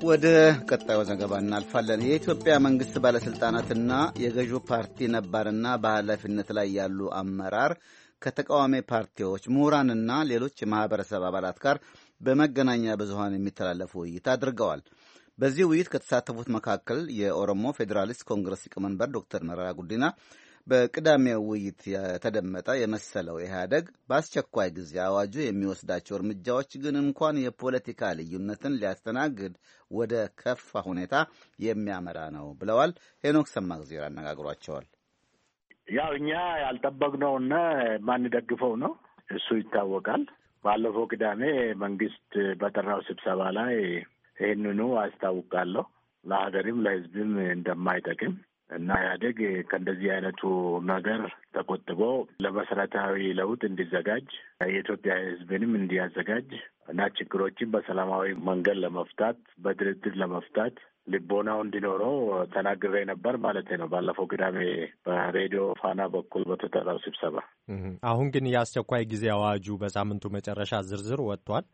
ወደ ቀጣዩ ዘገባ እናልፋለን። የኢትዮጵያ መንግስት ባለሥልጣናትና የገዢው ፓርቲ ነባርና በኃላፊነት ላይ ያሉ አመራር ከተቃዋሚ ፓርቲዎች ምሁራንና ሌሎች የማኅበረሰብ አባላት ጋር በመገናኛ ብዙሀን የሚተላለፉ ውይይት አድርገዋል። በዚህ ውይይት ከተሳተፉት መካከል የኦሮሞ ፌዴራሊስት ኮንግረስ ሊቀመንበር ዶክተር መረራ ጉዲና በቅዳሜው ውይይት የተደመጠ የመሰለው ኢህአደግ በአስቸኳይ ጊዜ አዋጁ የሚወስዳቸው እርምጃዎች ግን እንኳን የፖለቲካ ልዩነትን ሊያስተናግድ ወደ ከፋ ሁኔታ የሚያመራ ነው ብለዋል። ሄኖክ ሰማግዜር አነጋግሯቸዋል። ያው እኛ ያልጠበቅነውና ማንደግፈው ነው እሱ ይታወቃል። ባለፈው ቅዳሜ መንግስት በጠራው ስብሰባ ላይ ይህንኑ አስታውቃለሁ። ለሀገርም ለህዝብም እንደማይጠቅም እና ኢህአዴግ ከእንደዚህ አይነቱ ነገር ተቆጥቦ ለመሰረታዊ ለውጥ እንዲዘጋጅ የኢትዮጵያ ሕዝብንም እንዲያዘጋጅ እና ችግሮችን በሰላማዊ መንገድ ለመፍታት በድርድር ለመፍታት ልቦናው እንዲኖረው ተናግሬ ነበር ማለት ነው። ባለፈው ቅዳሜ በሬዲዮ ፋና በኩል በተጠራው ስብሰባ። አሁን ግን የአስቸኳይ ጊዜ አዋጁ በሳምንቱ መጨረሻ ዝርዝር ወጥቷል።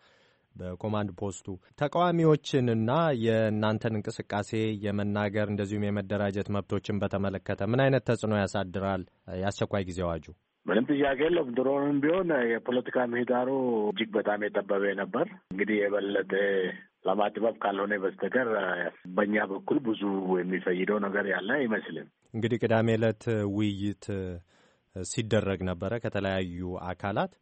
በኮማንድ ፖስቱ ተቃዋሚዎችንና የእናንተን እንቅስቃሴ የመናገር እንደዚሁም የመደራጀት መብቶችን በተመለከተ ምን አይነት ተጽዕኖ ያሳድራል የአስቸኳይ ጊዜ አዋጁ? ምንም ጥያቄ የለም። ድሮንም ቢሆን የፖለቲካ ምህዳሩ እጅግ በጣም የጠበበ ነበር። እንግዲህ የበለጠ ለማጥበብ ካልሆነ በስተቀር በእኛ በኩል ብዙ የሚፈይደው ነገር ያለ አይመስልም። እንግዲህ ቅዳሜ ዕለት ውይይት ሲደረግ ነበረ ከተለያዩ አካላት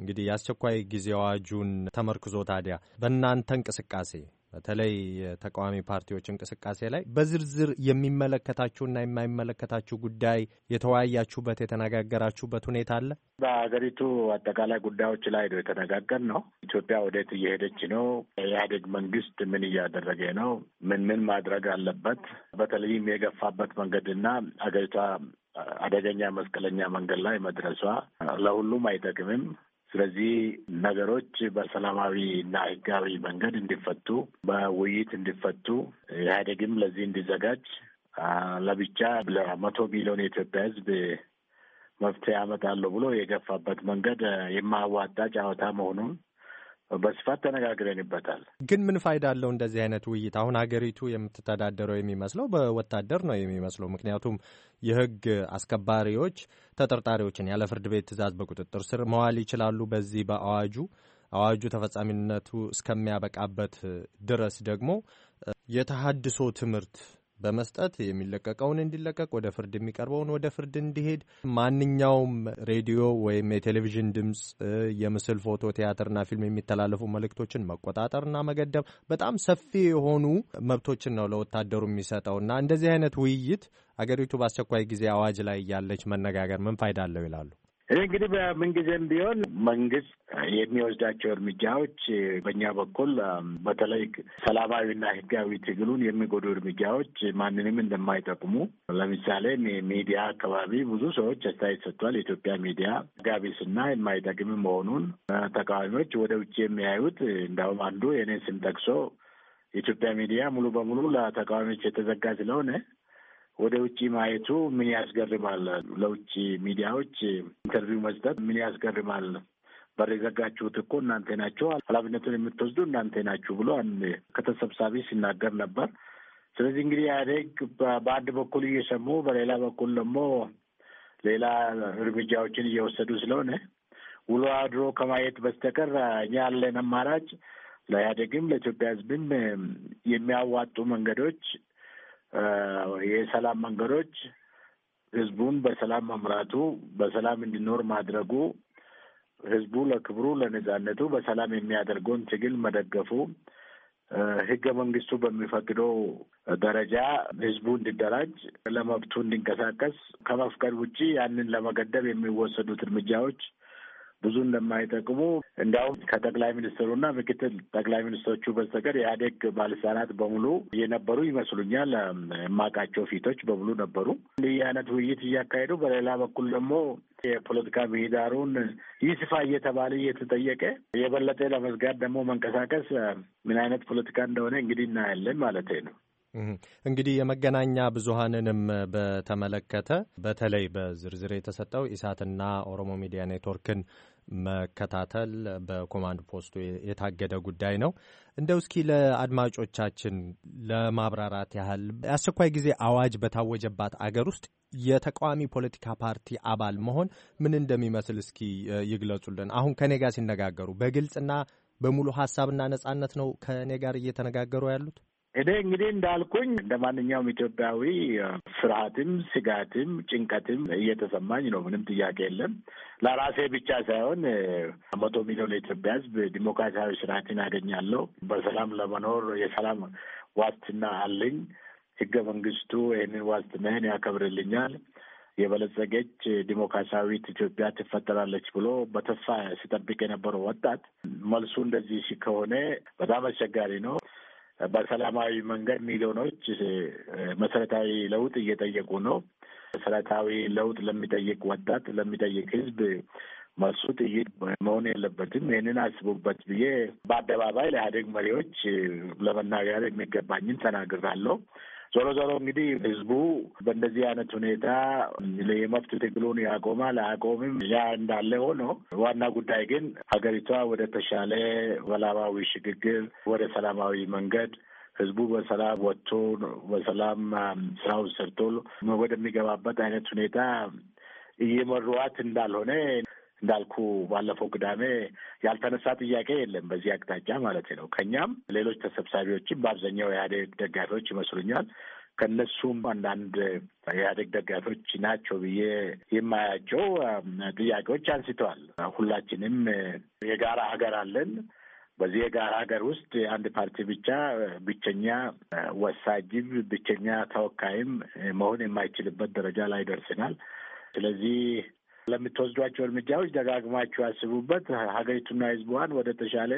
እንግዲህ የአስቸኳይ ጊዜ አዋጁን ተመርክዞ ታዲያ በእናንተ እንቅስቃሴ በተለይ የተቃዋሚ ፓርቲዎች እንቅስቃሴ ላይ በዝርዝር የሚመለከታችሁና የማይመለከታችሁ ጉዳይ የተወያያችሁበት የተነጋገራችሁበት ሁኔታ አለ? በሀገሪቱ አጠቃላይ ጉዳዮች ላይ ነው የተነጋገር ነው። ኢትዮጵያ ወዴት እየሄደች ነው? የኢህአዴግ መንግስት ምን እያደረገ ነው? ምን ምን ማድረግ አለበት? በተለይም የገፋበት መንገድና ሀገሪቷ አደገኛ መስቀለኛ መንገድ ላይ መድረሷ ለሁሉም አይጠቅምም። ስለዚህ ነገሮች በሰላማዊ እና ህጋዊ መንገድ እንዲፈቱ በውይይት እንዲፈቱ ኢህአዴግም ለዚህ እንዲዘጋጅ ለብቻ ለመቶ ሚሊዮን የኢትዮጵያ ህዝብ መፍትሄ አመጣለሁ ብሎ የገፋበት መንገድ የማያዋጣ ጨዋታ መሆኑን በስፋት ተነጋግረንበታል። ግን ምን ፋይዳ አለው እንደዚህ አይነት ውይይት? አሁን ሀገሪቱ የምትተዳደረው የሚመስለው በወታደር ነው የሚመስለው። ምክንያቱም የህግ አስከባሪዎች ተጠርጣሪዎችን ያለ ፍርድ ቤት ትእዛዝ በቁጥጥር ስር መዋል ይችላሉ። በዚህ በአዋጁ አዋጁ ተፈጻሚነቱ እስከሚያበቃበት ድረስ ደግሞ የተሃድሶ ትምህርት በመስጠት የሚለቀቀውን እንዲለቀቅ፣ ወደ ፍርድ የሚቀርበውን ወደ ፍርድ እንዲሄድ ማንኛውም ሬዲዮ ወይም የቴሌቪዥን ድምፅ፣ የምስል፣ ፎቶ፣ ቲያትርና ፊልም የሚተላለፉ መልእክቶችን መቆጣጠርና መገደብ በጣም ሰፊ የሆኑ መብቶችን ነው ለወታደሩ የሚሰጠው እና እንደዚህ አይነት ውይይት አገሪቱ በአስቸኳይ ጊዜ አዋጅ ላይ ያለች መነጋገር ምን ፋይዳ አለው ይላሉ። እኔ እንግዲህ በምንጊዜም ቢሆን መንግስት የሚወስዳቸው እርምጃዎች በእኛ በኩል በተለይ ሰላማዊና ህጋዊ ትግሉን የሚጎዱ እርምጃዎች ማንንም እንደማይጠቅሙ ለምሳሌ ሚዲያ አካባቢ ብዙ ሰዎች አስተያየት ሰጥቷል። የኢትዮጵያ ሚዲያ ጋቢስና የማይጠቅም መሆኑን ተቃዋሚዎች ወደ ውጭ የሚያዩት እንዳውም አንዱ የኔን ስም ጠቅሶ የኢትዮጵያ ሚዲያ ሙሉ በሙሉ ለተቃዋሚዎች የተዘጋ ስለሆነ ወደ ውጭ ማየቱ ምን ያስገርማል? ለውጭ ሚዲያዎች ኢንተርቪው መስጠት ምን ያስገርማል? በር የዘጋችሁት እኮ እናንተ ናችሁ፣ ኃላፊነቱን የምትወስዱ እናንተ ናችሁ ብሎ አንድ ከተሰብሳቢ ሲናገር ነበር። ስለዚህ እንግዲህ ኢህአዴግ በአንድ በኩል እየሰሙ በሌላ በኩል ደግሞ ሌላ እርምጃዎችን እየወሰዱ ስለሆነ ውሎ አድሮ ከማየት በስተቀር እኛ ያለን አማራጭ ለኢህአዴግም ለኢትዮጵያ ሕዝብም የሚያዋጡ መንገዶች የሰላም መንገዶች ህዝቡን በሰላም መምራቱ፣ በሰላም እንዲኖር ማድረጉ፣ ህዝቡ ለክብሩ ለነጻነቱ በሰላም የሚያደርገውን ትግል መደገፉ፣ ህገ መንግስቱ በሚፈቅደው ደረጃ ህዝቡ እንዲደራጅ፣ ለመብቱ እንዲንቀሳቀስ ከመፍቀድ ውጪ ያንን ለመገደብ የሚወሰዱት እርምጃዎች ብዙ እንደማይጠቅሙ እንዲያውም ከጠቅላይ ሚኒስትሩና ምክትል ጠቅላይ ሚኒስትሮቹ በስተቀር የኢህአዴግ ባለስልጣናት በሙሉ የነበሩ ይመስሉኛል። የማውቃቸው ፊቶች በሙሉ ነበሩ። ይህ አይነት ውይይት እያካሄዱ በሌላ በኩል ደግሞ የፖለቲካ ምህዳሩን ይስፋ እየተባለ እየተጠየቀ የበለጠ ለመዝጋት ደግሞ መንቀሳቀስ ምን አይነት ፖለቲካ እንደሆነ እንግዲህ እናያለን ማለት ነው። እንግዲህ የመገናኛ ብዙሀንንም በተመለከተ በተለይ በዝርዝር የተሰጠው ኢሳትና ኦሮሞ ሚዲያ ኔትወርክን መከታተል በኮማንድ ፖስቱ የታገደ ጉዳይ ነው። እንደው እስኪ ለአድማጮቻችን ለማብራራት ያህል የአስቸኳይ ጊዜ አዋጅ በታወጀባት አገር ውስጥ የተቃዋሚ ፖለቲካ ፓርቲ አባል መሆን ምን እንደሚመስል እስኪ ይግለጹልን። አሁን ከኔ ጋር ሲነጋገሩ በግልጽና በሙሉ ሀሳብና ነጻነት ነው ከእኔ ጋር እየተነጋገሩ ያሉት። እኔ እንግዲህ እንዳልኩኝ እንደ ማንኛውም ኢትዮጵያዊ ፍርሃትም ስጋትም ጭንቀትም እየተሰማኝ ነው። ምንም ጥያቄ የለም። ለራሴ ብቻ ሳይሆን መቶ ሚሊዮን የኢትዮጵያ ሕዝብ ዲሞክራሲያዊ ስርዓትን አገኛለሁ፣ በሰላም ለመኖር የሰላም ዋስትና አለኝ፣ ህገ መንግስቱ ይህንን ዋስትናን ያከብርልኛል፣ የበለጸገች ዲሞክራሲያዊት ኢትዮጵያ ትፈጠራለች ብሎ በተስፋ ሲጠብቅ የነበረው ወጣት መልሱ እንደዚህ ከሆነ በጣም አስቸጋሪ ነው። በሰላማዊ መንገድ ሚሊዮኖች መሰረታዊ ለውጥ እየጠየቁ ነው። መሰረታዊ ለውጥ ለሚጠይቅ ወጣት ለሚጠይቅ ህዝብ መልሱ ጥይት መሆን የለበትም። ይህንን አስቡበት ብዬ በአደባባይ ለኢህአዴግ መሪዎች ለመናገር የሚገባኝን ተናግራለሁ። ዞሮ ዞሮ እንግዲህ ህዝቡ በእንደዚህ አይነት ሁኔታ የመብት ትግሉን ያቆማል አያቆምም፣ ያ እንዳለ ሆኖ ዋና ጉዳይ ግን ሀገሪቷ ወደ ተሻለ ሰላማዊ ሽግግር ወደ ሰላማዊ መንገድ ህዝቡ በሰላም ወጥቶ በሰላም ስራውን ሰርቶ ወደሚገባበት አይነት ሁኔታ እየመሯት እንዳልሆነ እንዳልኩ ባለፈው ቅዳሜ ያልተነሳ ጥያቄ የለም። በዚህ አቅጣጫ ማለት ነው። ከኛም ሌሎች ተሰብሳቢዎችም በአብዛኛው ኢህአዴግ ደጋፊዎች ይመስሉኛል። ከነሱም አንዳንድ የኢህአዴግ ደጋፊዎች ናቸው ብዬ የማያቸው ጥያቄዎች አንስተዋል። ሁላችንም የጋራ ሀገር አለን። በዚህ የጋራ ሀገር ውስጥ አንድ ፓርቲ ብቻ ብቸኛ ወሳጅም ብቸኛ ተወካይም መሆን የማይችልበት ደረጃ ላይ ደርስናል። ስለዚህ ለምትወስዷቸው እርምጃዎች ደጋግማችሁ ያስቡበት፣ ሀገሪቱና ህዝቧን ወደ ተሻለ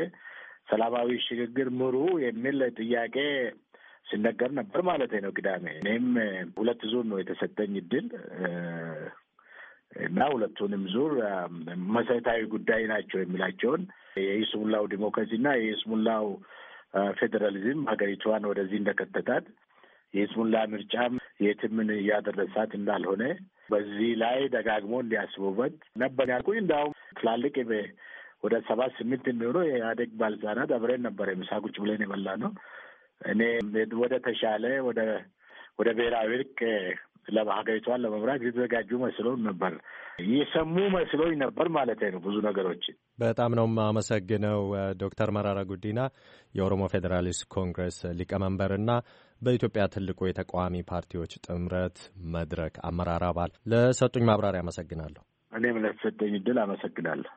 ሰላማዊ ሽግግር ምሩ የሚል ጥያቄ ሲነገር ነበር ማለት ነው። ቅዳሜ እኔም ሁለት ዙር ነው የተሰጠኝ እድል እና ሁለቱንም ዙር መሰረታዊ ጉዳይ ናቸው የሚላቸውን የይስሙላው ዲሞክራሲና የይስሙላው ፌዴራሊዝም ሀገሪቷን ወደዚህ እንደከተታት የይስሙላ ምርጫም የትምን እያደረሳት እንዳልሆነ በዚህ ላይ ደጋግሞ እንዲያስቡበት ነበር ያልኩኝ። እንዲያውም ትላልቅ ወደ ሰባት ስምንት የሚሆኑ የኢህአዴግ ባለስልጣናት አብረን ነበር ምሳ ቁጭ ብለን የበላ ነው። እኔ ወደ ተሻለ ወደ ወደ ብሔራዊ እርቅ ለሀገሪቷን ለመምራት የተዘጋጁ መስሎኝ ነበር፣ የሰሙ መስሎኝ ነበር ማለት ነው። ብዙ ነገሮችን በጣም ነው የማመሰግነው ዶክተር መራራ ጉዲና የኦሮሞ ፌዴራሊስት ኮንግረስ ሊቀመንበርና በኢትዮጵያ ትልቁ የተቃዋሚ ፓርቲዎች ጥምረት መድረክ አመራር አባል፣ ለሰጡኝ ማብራሪያ አመሰግናለሁ። እኔም ለተሰጠኝ እድል አመሰግናለሁ።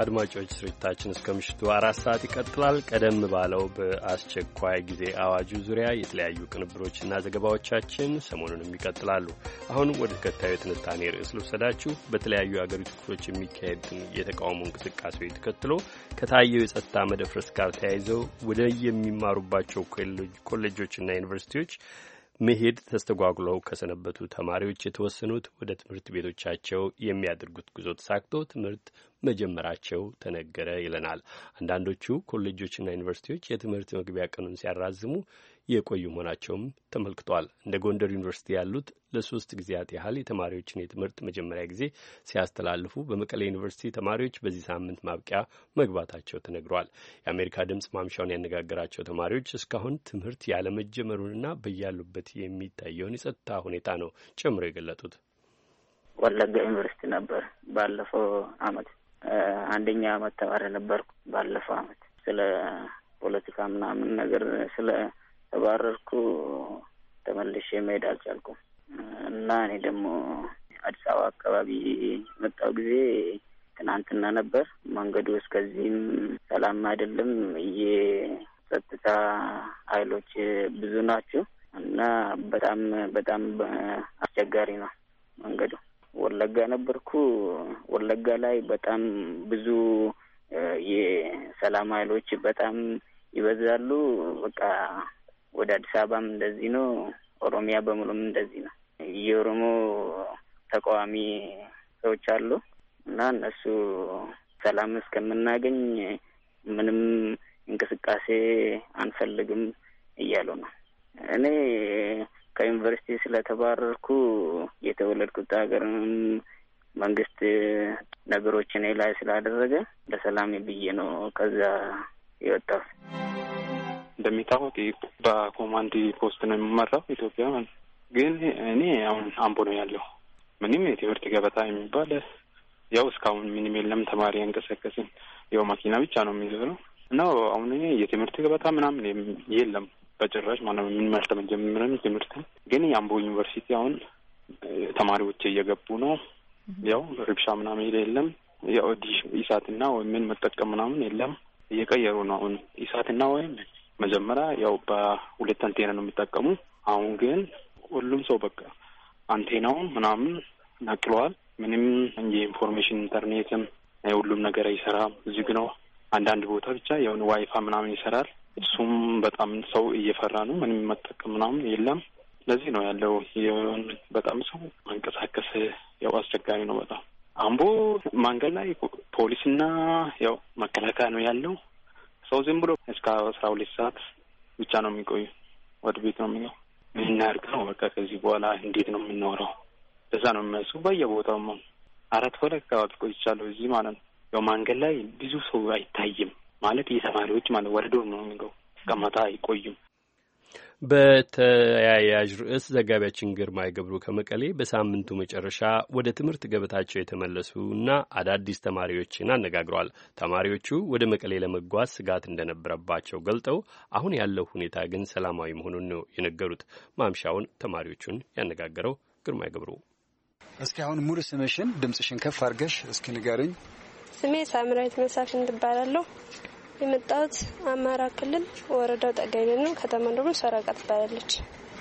አድማጮች ስርጭታችን እስከ ምሽቱ አራት ሰዓት ይቀጥላል። ቀደም ባለው በአስቸኳይ ጊዜ አዋጁ ዙሪያ የተለያዩ ቅንብሮችና ዘገባዎቻችን ሰሞኑንም ይቀጥላሉ። አሁን ወደ ተከታዩ የትንታኔ ርዕስ ልውሰዳችሁ። በተለያዩ የአገሪቱ ክፍሎች የሚካሄዱትን የተቃውሞ እንቅስቃሴ ተከትሎ ከታየው የጸጥታ መደፍረስ ጋር ተያይዘው ወደ የሚማሩባቸው ኮሌጆችና ዩኒቨርሲቲዎች መሄድ ተስተጓጉለው ከሰነበቱ ተማሪዎች የተወሰኑት ወደ ትምህርት ቤቶቻቸው የሚያደርጉት ጉዞ ተሳክቶ ትምህርት መጀመራቸው ተነገረ ይለናል። አንዳንዶቹ ኮሌጆችና ዩኒቨርሲቲዎች የትምህርት መግቢያ ቀኑን ሲያራዝሙ፣ የቆዩ መሆናቸውም ተመልክቷል። እንደ ጎንደር ዩኒቨርሲቲ ያሉት ለሶስት ጊዜያት ያህል የተማሪዎችን የትምህርት መጀመሪያ ጊዜ ሲያስተላልፉ በመቀለ ዩኒቨርሲቲ ተማሪዎች በዚህ ሳምንት ማብቂያ መግባታቸው ተነግሯል። የአሜሪካ ድምጽ ማምሻውን ያነጋገራቸው ተማሪዎች እስካሁን ትምህርት ያለመጀመሩንና በያሉበት የሚታየውን የጸጥታ ሁኔታ ነው ጨምሮ የገለጡት። ወለጋ ዩኒቨርሲቲ ነበር ባለፈው አመት አንደኛ አመት ተማሪ ነበርኩ ባለፈው አመት ስለ ፖለቲካ ምናምን ነገር ስለ ተባረርኩ። ተመልሼ መሄድ አልቻልኩም እና እኔ ደግሞ አዲስ አበባ አካባቢ መጣው ጊዜ ትናንትና ነበር። መንገዱ እስከዚህም ሰላም አይደለም። የጸጥታ ኃይሎች ብዙ ናቸው እና በጣም በጣም አስቸጋሪ ነው መንገዱ። ወለጋ ነበርኩ። ወለጋ ላይ በጣም ብዙ የሰላም ኃይሎች በጣም ይበዛሉ። በቃ ወደ አዲስ አበባም እንደዚህ ነው። ኦሮሚያ በሙሉም እንደዚህ ነው። የኦሮሞ ተቃዋሚ ሰዎች አሉ እና እነሱ ሰላም እስከምናገኝ ምንም እንቅስቃሴ አንፈልግም እያሉ ነው። እኔ ከዩኒቨርሲቲ ስለተባረርኩ የተወለድኩት ሀገርም መንግስት ነገሮችን ላይ ስላደረገ ለሰላም ብዬ ነው ከዛ የወጣሁት። እንደሚታወቅ በኮማንድ ፖስት ነው የሚመራው ኢትዮጵያ። ማለት ግን እኔ አሁን አምቦ ነው ያለው። ምንም የትምህርት ገበታ የሚባል ያው እስካሁን ምንም የለም። ተማሪ አንቀሳቀስም። ያው መኪና ብቻ ነው የሚዘው ነው እና አሁን እኔ የትምህርት ገበታ ምናምን የለም በጭራሽ ማለት ነው። የምንመርተ መጀመርን ትምህርት ግን የአምቦ ዩኒቨርሲቲ አሁን ተማሪዎች እየገቡ ነው። ያው ርብሻ ምናምን የለም። ያው እሳትና ወይም ምን መጠቀም ምናምን የለም። እየቀየሩ ነው አሁን ኢሳትና ወይም መጀመሪያ ያው በሁለት አንቴና ነው የሚጠቀሙ። አሁን ግን ሁሉም ሰው በቃ አንቴናውን ምናምን ነቅለዋል። ምንም እንጂ ኢንፎርሜሽን ኢንተርኔትም ሁሉም ነገር አይሰራም። ዝግ ነው። አንዳንድ ቦታ ብቻ የሆነ ዋይፋ ምናምን ይሰራል። እሱም በጣም ሰው እየፈራ ነው። ምንም መጠቀም ምናምን የለም። ለዚህ ነው ያለው በጣም ሰው መንቀሳቀስ ያው አስቸጋሪ ነው በጣም አምቦ መንገድ ላይ ፖሊስና ያው መከላከያ ነው ያለው። ሰው ዝም ብሎ እስከ አስራ ሁለት ሰዓት ብቻ ነው የሚቆዩ። ወደ ቤት ነው የሚገው። የምናደርግ ነው በቃ ከዚህ በኋላ እንዴት ነው የምንኖረው? እዛ ነው የሚያሱ በየቦታው አራት ወር አካባቢ ቆይቻለሁ እዚህ ማለት ነው። ያው መንገድ ላይ ብዙ ሰው አይታይም ማለት የተማሪዎች ማለት ወረዶ ነው የሚገው። እስከ ማታ አይቆዩም። በተያያዥ ርዕስ ዘጋቢያችን ግርማይ ገብሩ ከመቀሌ በሳምንቱ መጨረሻ ወደ ትምህርት ገበታቸው የተመለሱና አዳዲስ ተማሪዎችን አነጋግሯል። ተማሪዎቹ ወደ መቀሌ ለመጓዝ ስጋት እንደነበረባቸው ገልጠው አሁን ያለው ሁኔታ ግን ሰላማዊ መሆኑን ነው የነገሩት። ማምሻውን ተማሪዎቹን ያነጋገረው ግርማይ ገብሩ። እስኪ አሁን ሙሉ ስምሽን ድምጽሽን ከፍ አድርገሽ እስኪ ንገርኝ። ስሜ ሳምራዊት መሳፍን ትባላለሁ። የመጣሁት አማራ ክልል ወረዳው ጠገኝ ነው። ከተማ ደግሞ ሰረቃ ትባላለች።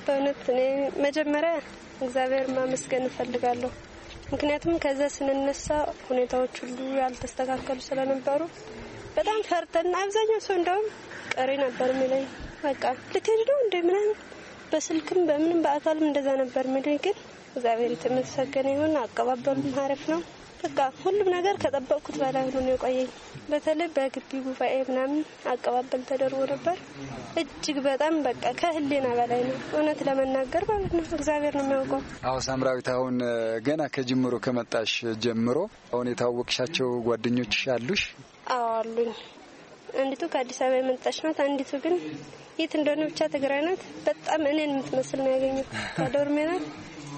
በእውነት እኔ መጀመሪያ እግዚአብሔር ማመስገን እፈልጋለሁ። ምክንያቱም ከዛ ስንነሳ ሁኔታዎች ሁሉ ያልተስተካከሉ ስለነበሩ በጣም ፈርተና አብዛኛው ሰው እንደውም ቀሪ ነበር የሚለኝ በቃ ልትሄድ ነው እንደ ምናምን በስልክም በምንም በአካልም እንደዛ ነበር የሚለኝ። ግን እግዚአብሔር የተመሰገነ ይሁን። አቀባበሉም አሪፍ ነው። በቃ ሁሉም ነገር ከጠበቅኩት በላይ ሆኖ ነው የቆየኝ። በተለይ በግቢ ጉባኤ ምናምን አቀባበል ተደርጎ ነበር። እጅግ በጣም በቃ ከህሊና በላይ ነው እውነት ለመናገር ማለት ነው። እግዚአብሔር ነው የሚያውቀው። አዎ ሳምራዊት፣ አሁን ገና ከጅምሮ ከመጣሽ ጀምሮ አሁን የታወቅሻቸው ጓደኞችሽ አሉሽ? አዎ አሉኝ። አንዲቱ ከአዲስ አበባ የመጣች ናት። አንዲቱ ግን የት እንደሆነ ብቻ ትግራይ ናት። በጣም እኔን የምትመስል ነው ያገኘው። ከዶርሜ ናት።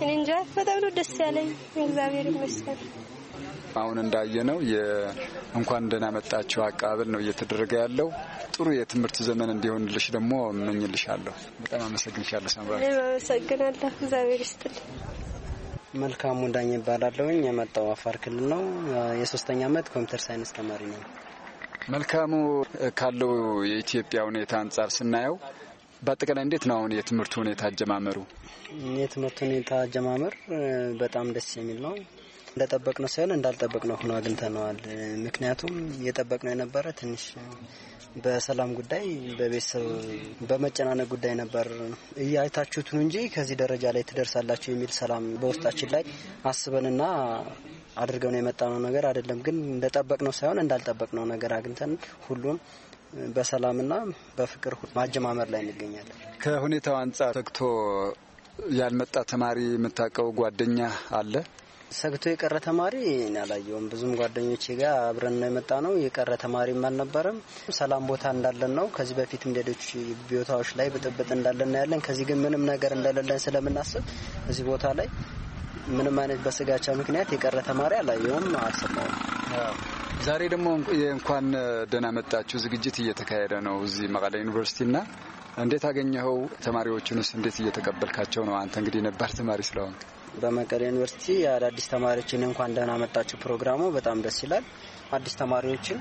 እኔ እንጃ በጣም ነው ደስ ያለኝ። እግዚአብሔር ይመስገን። አሁን እንዳየነው እንኳን ደህና መጣችሁ አቀባበል ነው እየተደረገ ያለው። ጥሩ የትምህርት ዘመን እንዲሆንልሽ ደግሞ እመኝልሻለሁ። በጣም አመሰግንሻለሁ ሰምራ አመሰግናለሁ። እግዚአብሔር ይስጥልኝ። መልካሙ ዳኝ ይባላለውኝ። የመጣው አፋር ክልል ነው። የሶስተኛ ዓመት ኮምፒውተር ሳይንስ ተማሪ ነው። መልካሙ ካለው የኢትዮጵያ ሁኔታ አንጻር ስናየው በአጠቃላይ እንዴት ነው አሁን የትምህርት ሁኔታ አጀማመሩ? የትምህርት ሁኔታ አጀማመር በጣም ደስ የሚል ነው። እንደጠበቅነው ሳይሆን እንዳልጠበቅነው ሆኖ አግኝተነዋል። ምክንያቱም እየጠበቅነው የነበረ ትንሽ በሰላም ጉዳይ በቤተሰብ በመጨናነቅ ጉዳይ ነበር ነው እንጂ ከዚህ ደረጃ ላይ ትደርሳላችሁ የሚል ሰላም በውስጣችን ላይ አስበንና አድርገን የመጣነው ነገር አይደለም። ግን እንደጠበቅነው ሳይሆን እንዳልጠበቅነው ነገር አግኝተን ሁሉም በሰላምና በፍቅር ማጀማመር ላይ እንገኛለን። ከሁኔታው አንጻር ተግቶ ያልመጣ ተማሪ የምታውቀው ጓደኛ አለ? ሰግቶ የቀረ ተማሪ አላየውም። ብዙም ጓደኞቼ ጋር አብረን ነው የመጣ ነው። የቀረ ተማሪም አልነበረም። ሰላም ቦታ እንዳለን ነው። ከዚህ በፊትም ሌሎች ቦታዎች ላይ ብጥብጥ እንዳለን ያለን፣ ከዚህ ግን ምንም ነገር እንደሌለን ስለምናስብ እዚህ ቦታ ላይ ምንም አይነት በስጋቻ ምክንያት የቀረ ተማሪ አላየውም፣ አልሰማውም። ዛሬ ደግሞ እንኳን ደህና መጣችሁ ዝግጅት እየተካሄደ ነው እዚህ መቀለ ዩኒቨርሲቲና እንዴት አገኘኸው? ተማሪዎቹንስ እንዴት እየተቀበልካቸው ነው? አንተ እንግዲህ ነባር ተማሪ ስለሆንክ በመቀሌ ዩኒቨርሲቲ የአዳዲስ ተማሪዎችን እንኳን ደህና መጣችሁ ፕሮግራሙ በጣም ደስ ይላል። አዲስ ተማሪዎችን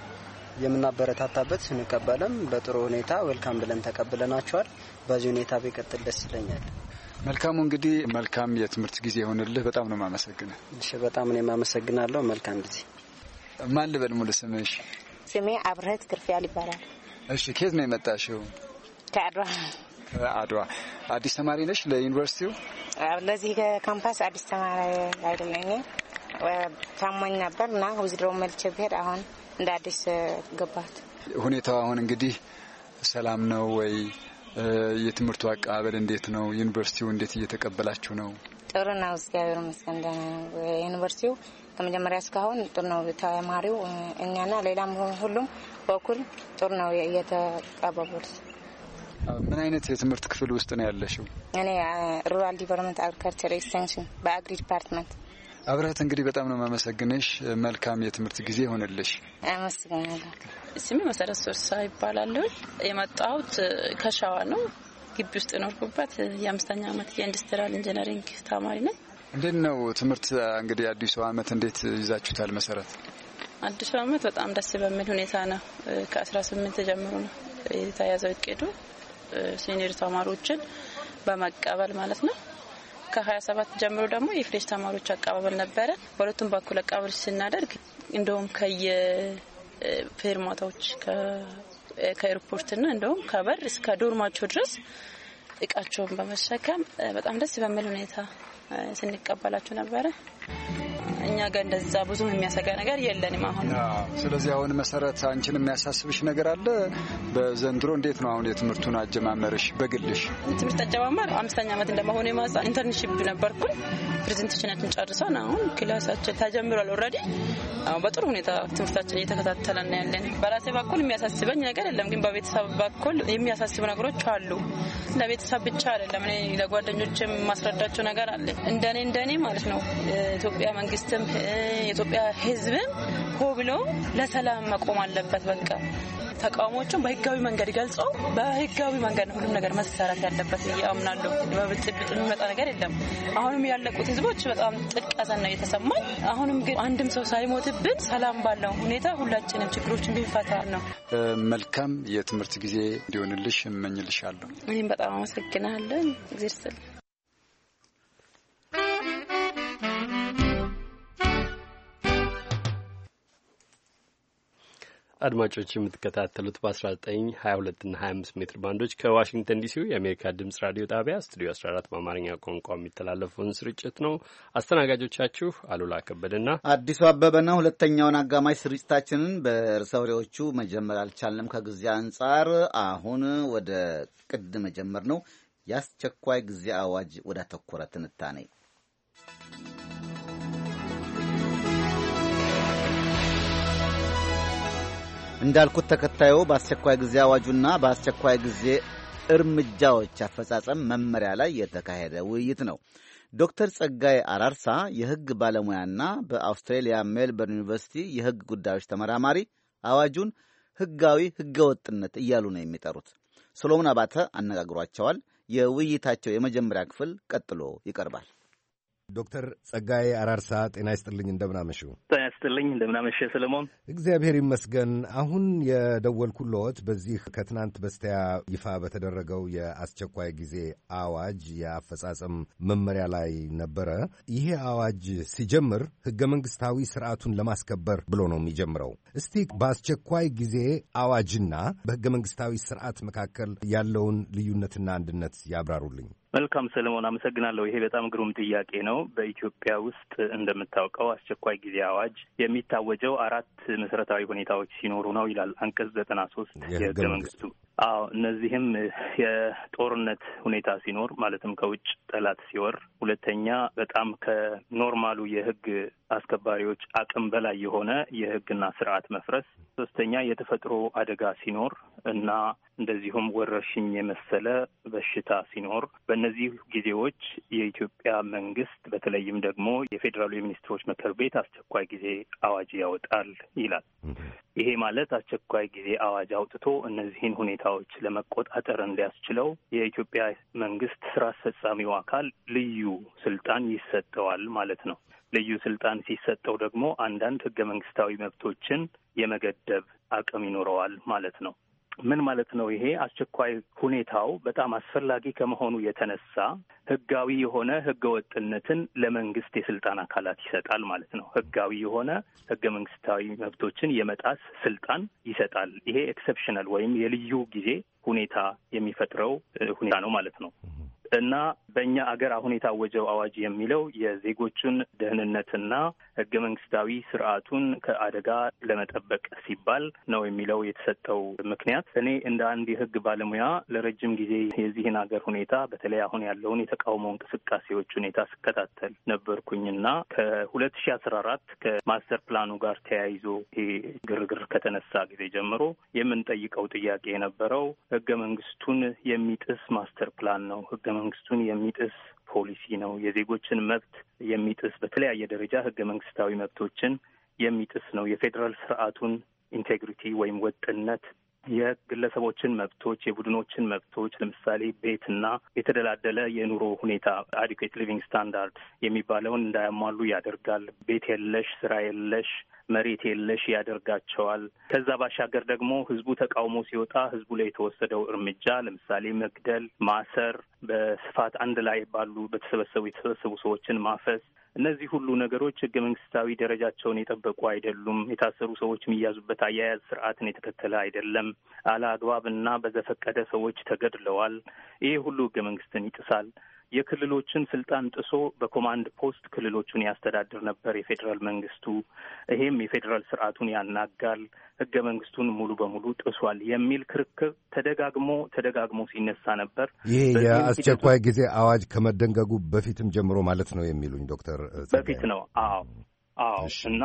የምናበረታታበት ስንቀበለም በጥሩ ሁኔታ ወልካም ብለን ተቀብለናቸዋል። በዚህ ሁኔታ ቢቀጥል ደስ ይለኛል። መልካሙ እንግዲህ መልካም የትምህርት ጊዜ የሆንልህ። በጣም ነው የማመሰግነው። እሺ፣ በጣም ነው የማመሰግናለሁ። መልካም ጊዜ። ማን ልበል ሙሉ ስምሽ? ስሜ አብረህት ክርፊያል ይባላል። እሺ፣ ከየት ነው የመጣሽው? ከአድዋ አድዋ። አዲስ ተማሪ ነሽ ለዩኒቨርሲቲው? ለዚህ ካምፓስ አዲስ ተማሪ አይደለኝም። ታሞኝ ነበር እና ውዝድሮ መልቼ ብሄድ አሁን እንደ አዲስ ገባት። ሁኔታው አሁን እንግዲህ ሰላም ነው ወይ? የትምህርቱ አቀባበል እንዴት ነው? ዩኒቨርሲቲው እንዴት እየተቀበላችሁ ነው? ጥሩ ነው፣ እግዚአብሔር ይመስገን። ደህና ነው ዩኒቨርሲቲው ከመጀመሪያ እስካሁን ጥሩ ነው። ተማሪው እኛና ሌላም ሁሉም በኩል ጥሩ ነው እየተቀበሉት ምን አይነት የትምህርት ክፍል ውስጥ ነው ያለሽው? እኔ ሩራል ዲቨሎፕመንት አግሪካልቸር ኤክስቴንሽን በአግሪ ዲፓርትመንት። አብረት እንግዲህ በጣም ነው የማመሰግንሽ። መልካም የትምህርት ጊዜ ሆነልሽ። አመሰግናለሁ። ስሜ መሰረት ሶርሳ ይባላል። የመጣሁት ከሸዋ ነው። ግቢ ውስጥ የኖርኩበት የአምስተኛ ዓመት የኢንዱስትሪያል ኢንጂነሪንግ ተማሪ ነኝ። እንዴት ነው ትምህርት እንግዲህ አዲሱ ዓመት እንዴት ይዛችሁታል? መሰረት አዲሱ ዓመት በጣም ደስ በሚል ሁኔታ ነው። ከአስራ ስምንት ጀምሮ ነው የተያዘው እቅዱ ሲኒየር ተማሪዎችን በመቀበል ማለት ነው። ከ27 ጀምሮ ደግሞ የፍሬሽ ተማሪዎች አቀባበል ነበረ። በሁለቱም በኩል አቀባበል ስናደርግ እንደውም ከየፌርማታዎች ከኤርፖርትና እንደውም ከበር እስከ ዶርማቸው ድረስ እቃቸውን በመሸከም በጣም ደስ በሚል ሁኔታ ስንቀበላቸው ነበረ። እኛ ጋር እንደዛ ብዙም የሚያሰጋ ነገር የለንም አሁን። ስለዚህ አሁን መሰረት አንቺን የሚያሳስብሽ ነገር አለ በዘንድሮ እንዴት ነው አሁን የትምህርቱን አጀማመርሽ በግልሽ? ትምህርት አጀማመር አምስተኛ ዓመት እንደመሆኑ የማ ኢንተርንሽፕ ነበርኩኝ። ፕሬዘንቴሽናችን ጨርሰን አሁን ክላሳችን ተጀምሯል ኦልሬዲ። በጥሩ ሁኔታ ትምህርታችን እየተከታተለን ያለን። በራሴ በኩል የሚያሳስበኝ ነገር የለም፣ ግን በቤተሰብ በኩል የሚያሳስቡ ነገሮች አሉ። ለቤተሰብ ብቻ አይደለም፣ እኔ ለጓደኞች የማስረዳቸው ነገር አለ። እንደኔ እንደኔ ማለት ነው የኢትዮጵያ መንግስትም የኢትዮጵያ ህዝብም ሆ ብሎ ለሰላም መቆም አለበት። በቃ ተቃውሞቹን በህጋዊ መንገድ ገልጾ በህጋዊ መንገድ ሁሉም ነገር መሰራት ያለበት እያምናለሁ። በብጥብጥ የሚመጣ ነገር የለም። አሁንም ያለቁት ህዝቦች በጣም ጥልቅ ሐዘን ነው የተሰማኝ። አሁንም ግን አንድም ሰው ሳይሞትብን ሰላም ባለው ሁኔታ ሁላችንም ችግሮችን ብንፈታ ነው። መልካም የትምህርት ጊዜ እንዲሆንልሽ እመኝልሻለሁ። እኔም በጣም አመሰግናለን እግዜር ይስጥልኝ። አድማጮች የምትከታተሉት በ 1922 እና 25 ሜትር ባንዶች ከዋሽንግተን ዲሲው የአሜሪካ ድምጽ ራዲዮ ጣቢያ ስቱዲዮ 14 በአማርኛ ቋንቋ የሚተላለፈውን ስርጭት ነው። አስተናጋጆቻችሁ አሉላ ከበደና አዲሱ አበበ ነው። ሁለተኛውን አጋማሽ ስርጭታችንን በርዕሰ ወሬዎቹ መጀመር አልቻለም ከጊዜ አንጻር። አሁን ወደ ቅድ መጀመር ነው የአስቸኳይ ጊዜ አዋጅ ወዳተኮረ ትንታኔ እንዳልኩት ተከታዩ በአስቸኳይ ጊዜ አዋጁና በአስቸኳይ ጊዜ እርምጃዎች አፈጻጸም መመሪያ ላይ የተካሄደ ውይይት ነው። ዶክተር ጸጋይ አራርሳ የሕግ ባለሙያና በአውስትሬልያ ሜልበርን ዩኒቨርሲቲ የሕግ ጉዳዮች ተመራማሪ አዋጁን ሕጋዊ ህገወጥነት እያሉ ነው የሚጠሩት። ሶሎሞን አባተ አነጋግሯቸዋል። የውይይታቸው የመጀመሪያ ክፍል ቀጥሎ ይቀርባል። ዶክተር ጸጋዬ አራርሳ ጤና ይስጥልኝ። እንደምናመሹ ጤና ይስጥልኝ። እንደምናመሸ ሰለሞን። እግዚአብሔር ይመስገን። አሁን የደወልኩልዎት በዚህ ከትናንት በስቲያ ይፋ በተደረገው የአስቸኳይ ጊዜ አዋጅ የአፈጻጸም መመሪያ ላይ ነበረ። ይሄ አዋጅ ሲጀምር ህገ መንግስታዊ ስርዓቱን ለማስከበር ብሎ ነው የሚጀምረው። እስቲ በአስቸኳይ ጊዜ አዋጅና በህገ መንግስታዊ ስርዓት መካከል ያለውን ልዩነትና አንድነት ያብራሩልኝ። መልካም ሰለሞን፣ አመሰግናለሁ። ይሄ በጣም ግሩም ጥያቄ ነው። በኢትዮጵያ ውስጥ እንደምታውቀው አስቸኳይ ጊዜ አዋጅ የሚታወጀው አራት መሰረታዊ ሁኔታዎች ሲኖሩ ነው ይላል አንቀጽ ዘጠና ሶስት የህገ መንግስቱ። አዎ እነዚህም የጦርነት ሁኔታ ሲኖር ማለትም ከውጭ ጠላት ሲወር፣ ሁለተኛ በጣም ከኖርማሉ የህግ አስከባሪዎች አቅም በላይ የሆነ የህግና ስርዓት መፍረስ፣ ሶስተኛ የተፈጥሮ አደጋ ሲኖር እና እንደዚሁም ወረርሽኝ የመሰለ በሽታ ሲኖር በእነዚህ ጊዜዎች የኢትዮጵያ መንግስት በተለይም ደግሞ የፌዴራሉ የሚኒስትሮች ምክር ቤት አስቸኳይ ጊዜ አዋጅ ያወጣል ይላል። ይሄ ማለት አስቸኳይ ጊዜ አዋጅ አውጥቶ እነዚህን ሁኔታዎች ለመቆጣጠር እንዲያስችለው የኢትዮጵያ መንግስት ስራ አስፈጻሚው አካል ልዩ ስልጣን ይሰጠዋል ማለት ነው። ልዩ ስልጣን ሲሰጠው ደግሞ አንዳንድ ህገ መንግስታዊ መብቶችን የመገደብ አቅም ይኖረዋል ማለት ነው። ምን ማለት ነው? ይሄ አስቸኳይ ሁኔታው በጣም አስፈላጊ ከመሆኑ የተነሳ ህጋዊ የሆነ ህገ ወጥነትን ለመንግስት የስልጣን አካላት ይሰጣል ማለት ነው። ህጋዊ የሆነ ህገ መንግስታዊ መብቶችን የመጣስ ስልጣን ይሰጣል። ይሄ ኤክሰፕሽናል ወይም የልዩ ጊዜ ሁኔታ የሚፈጥረው ሁኔታ ነው ማለት ነው። እና በእኛ አገር አሁን የታወጀው አዋጅ የሚለው የዜጎቹን ደህንነትና ህገ መንግስታዊ ስርዓቱን ከአደጋ ለመጠበቅ ሲባል ነው የሚለው የተሰጠው ምክንያት። እኔ እንደ አንድ የህግ ባለሙያ ለረጅም ጊዜ የዚህን ሀገር ሁኔታ በተለይ አሁን ያለውን የተቃውሞ እንቅስቃሴዎች ሁኔታ ስከታተል ነበርኩኝና ከሁለት ሺ አስራ አራት ከማስተር ፕላኑ ጋር ተያይዞ ይሄ ግርግር ከተነሳ ጊዜ ጀምሮ የምንጠይቀው ጥያቄ የነበረው ህገ መንግስቱን የሚጥስ ማስተር ፕላን ነው ህገ መንግስቱን የሚጥስ ፖሊሲ ነው። የዜጎችን መብት የሚጥስ በተለያየ ደረጃ ህገ መንግስታዊ መብቶችን የሚጥስ ነው። የፌዴራል ስርዓቱን ኢንቴግሪቲ ወይም ወጥነት የግለሰቦችን መብቶች፣ የቡድኖችን መብቶች ለምሳሌ ቤትና የተደላደለ የኑሮ ሁኔታ አዲኩዌት ሊቪንግ ስታንዳርድ የሚባለውን እንዳያሟሉ ያደርጋል። ቤት የለሽ፣ ስራ የለሽ መሬት የለሽ ያደርጋቸዋል። ከዛ ባሻገር ደግሞ ህዝቡ ተቃውሞ ሲወጣ ህዝቡ ላይ የተወሰደው እርምጃ ለምሳሌ መግደል፣ ማሰር፣ በስፋት አንድ ላይ ባሉ በተሰበሰቡ የተሰበሰቡ ሰዎችን ማፈስ እነዚህ ሁሉ ነገሮች ህገ መንግስታዊ ደረጃቸውን የጠበቁ አይደሉም። የታሰሩ ሰዎች የሚያዙበት አያያዝ ስርዓትን የተከተለ አይደለም። አለ አግባብ እና በዘፈቀደ ሰዎች ተገድለዋል። ይሄ ሁሉ ህገ መንግስትን ይጥሳል። የክልሎችን ስልጣን ጥሶ በኮማንድ ፖስት ክልሎቹን ያስተዳድር ነበር የፌዴራል መንግስቱ። ይሄም የፌዴራል ስርዓቱን ያናጋል፣ ህገ መንግስቱን ሙሉ በሙሉ ጥሷል የሚል ክርክር ተደጋግሞ ተደጋግሞ ሲነሳ ነበር። ይሄ የአስቸኳይ ጊዜ አዋጅ ከመደንገጉ በፊትም ጀምሮ ማለት ነው የሚሉኝ ዶክተር በፊት ነው። አዎ አዎ። እና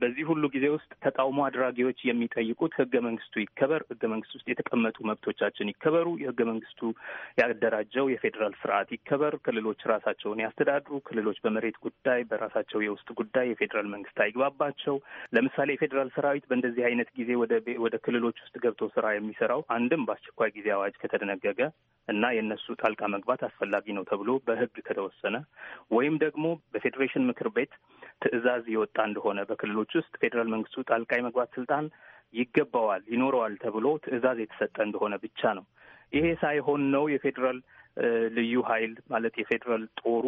በዚህ ሁሉ ጊዜ ውስጥ ተቃውሞ አድራጊዎች የሚጠይቁት ህገ መንግስቱ ይከበር፣ ህገ መንግስት ውስጥ የተቀመጡ መብቶቻችን ይከበሩ፣ የህገ መንግስቱ ያደራጀው የፌዴራል ስርዓት ይከበር፣ ክልሎች ራሳቸውን ያስተዳድሩ፣ ክልሎች በመሬት ጉዳይ በራሳቸው የውስጥ ጉዳይ የፌዴራል መንግስት አይግባባቸው። ለምሳሌ የፌዴራል ሰራዊት በእንደዚህ አይነት ጊዜ ወደ ክልሎች ውስጥ ገብቶ ስራ የሚሰራው አንድም በአስቸኳይ ጊዜ አዋጅ ከተደነገገ እና የእነሱ ጣልቃ መግባት አስፈላጊ ነው ተብሎ በህግ ከተወሰነ ወይም ደግሞ በፌዴሬሽን ምክር ቤት ትዕዛዝ የወጣ እንደሆነ በክልሎች ውስጥ ፌዴራል መንግስቱ ጣልቃ የመግባት ስልጣን ይገባዋል፣ ይኖረዋል ተብሎ ትዕዛዝ የተሰጠ እንደሆነ ብቻ ነው። ይሄ ሳይሆን ነው የፌዴራል ልዩ ኃይል ማለት የፌዴራል ጦሩ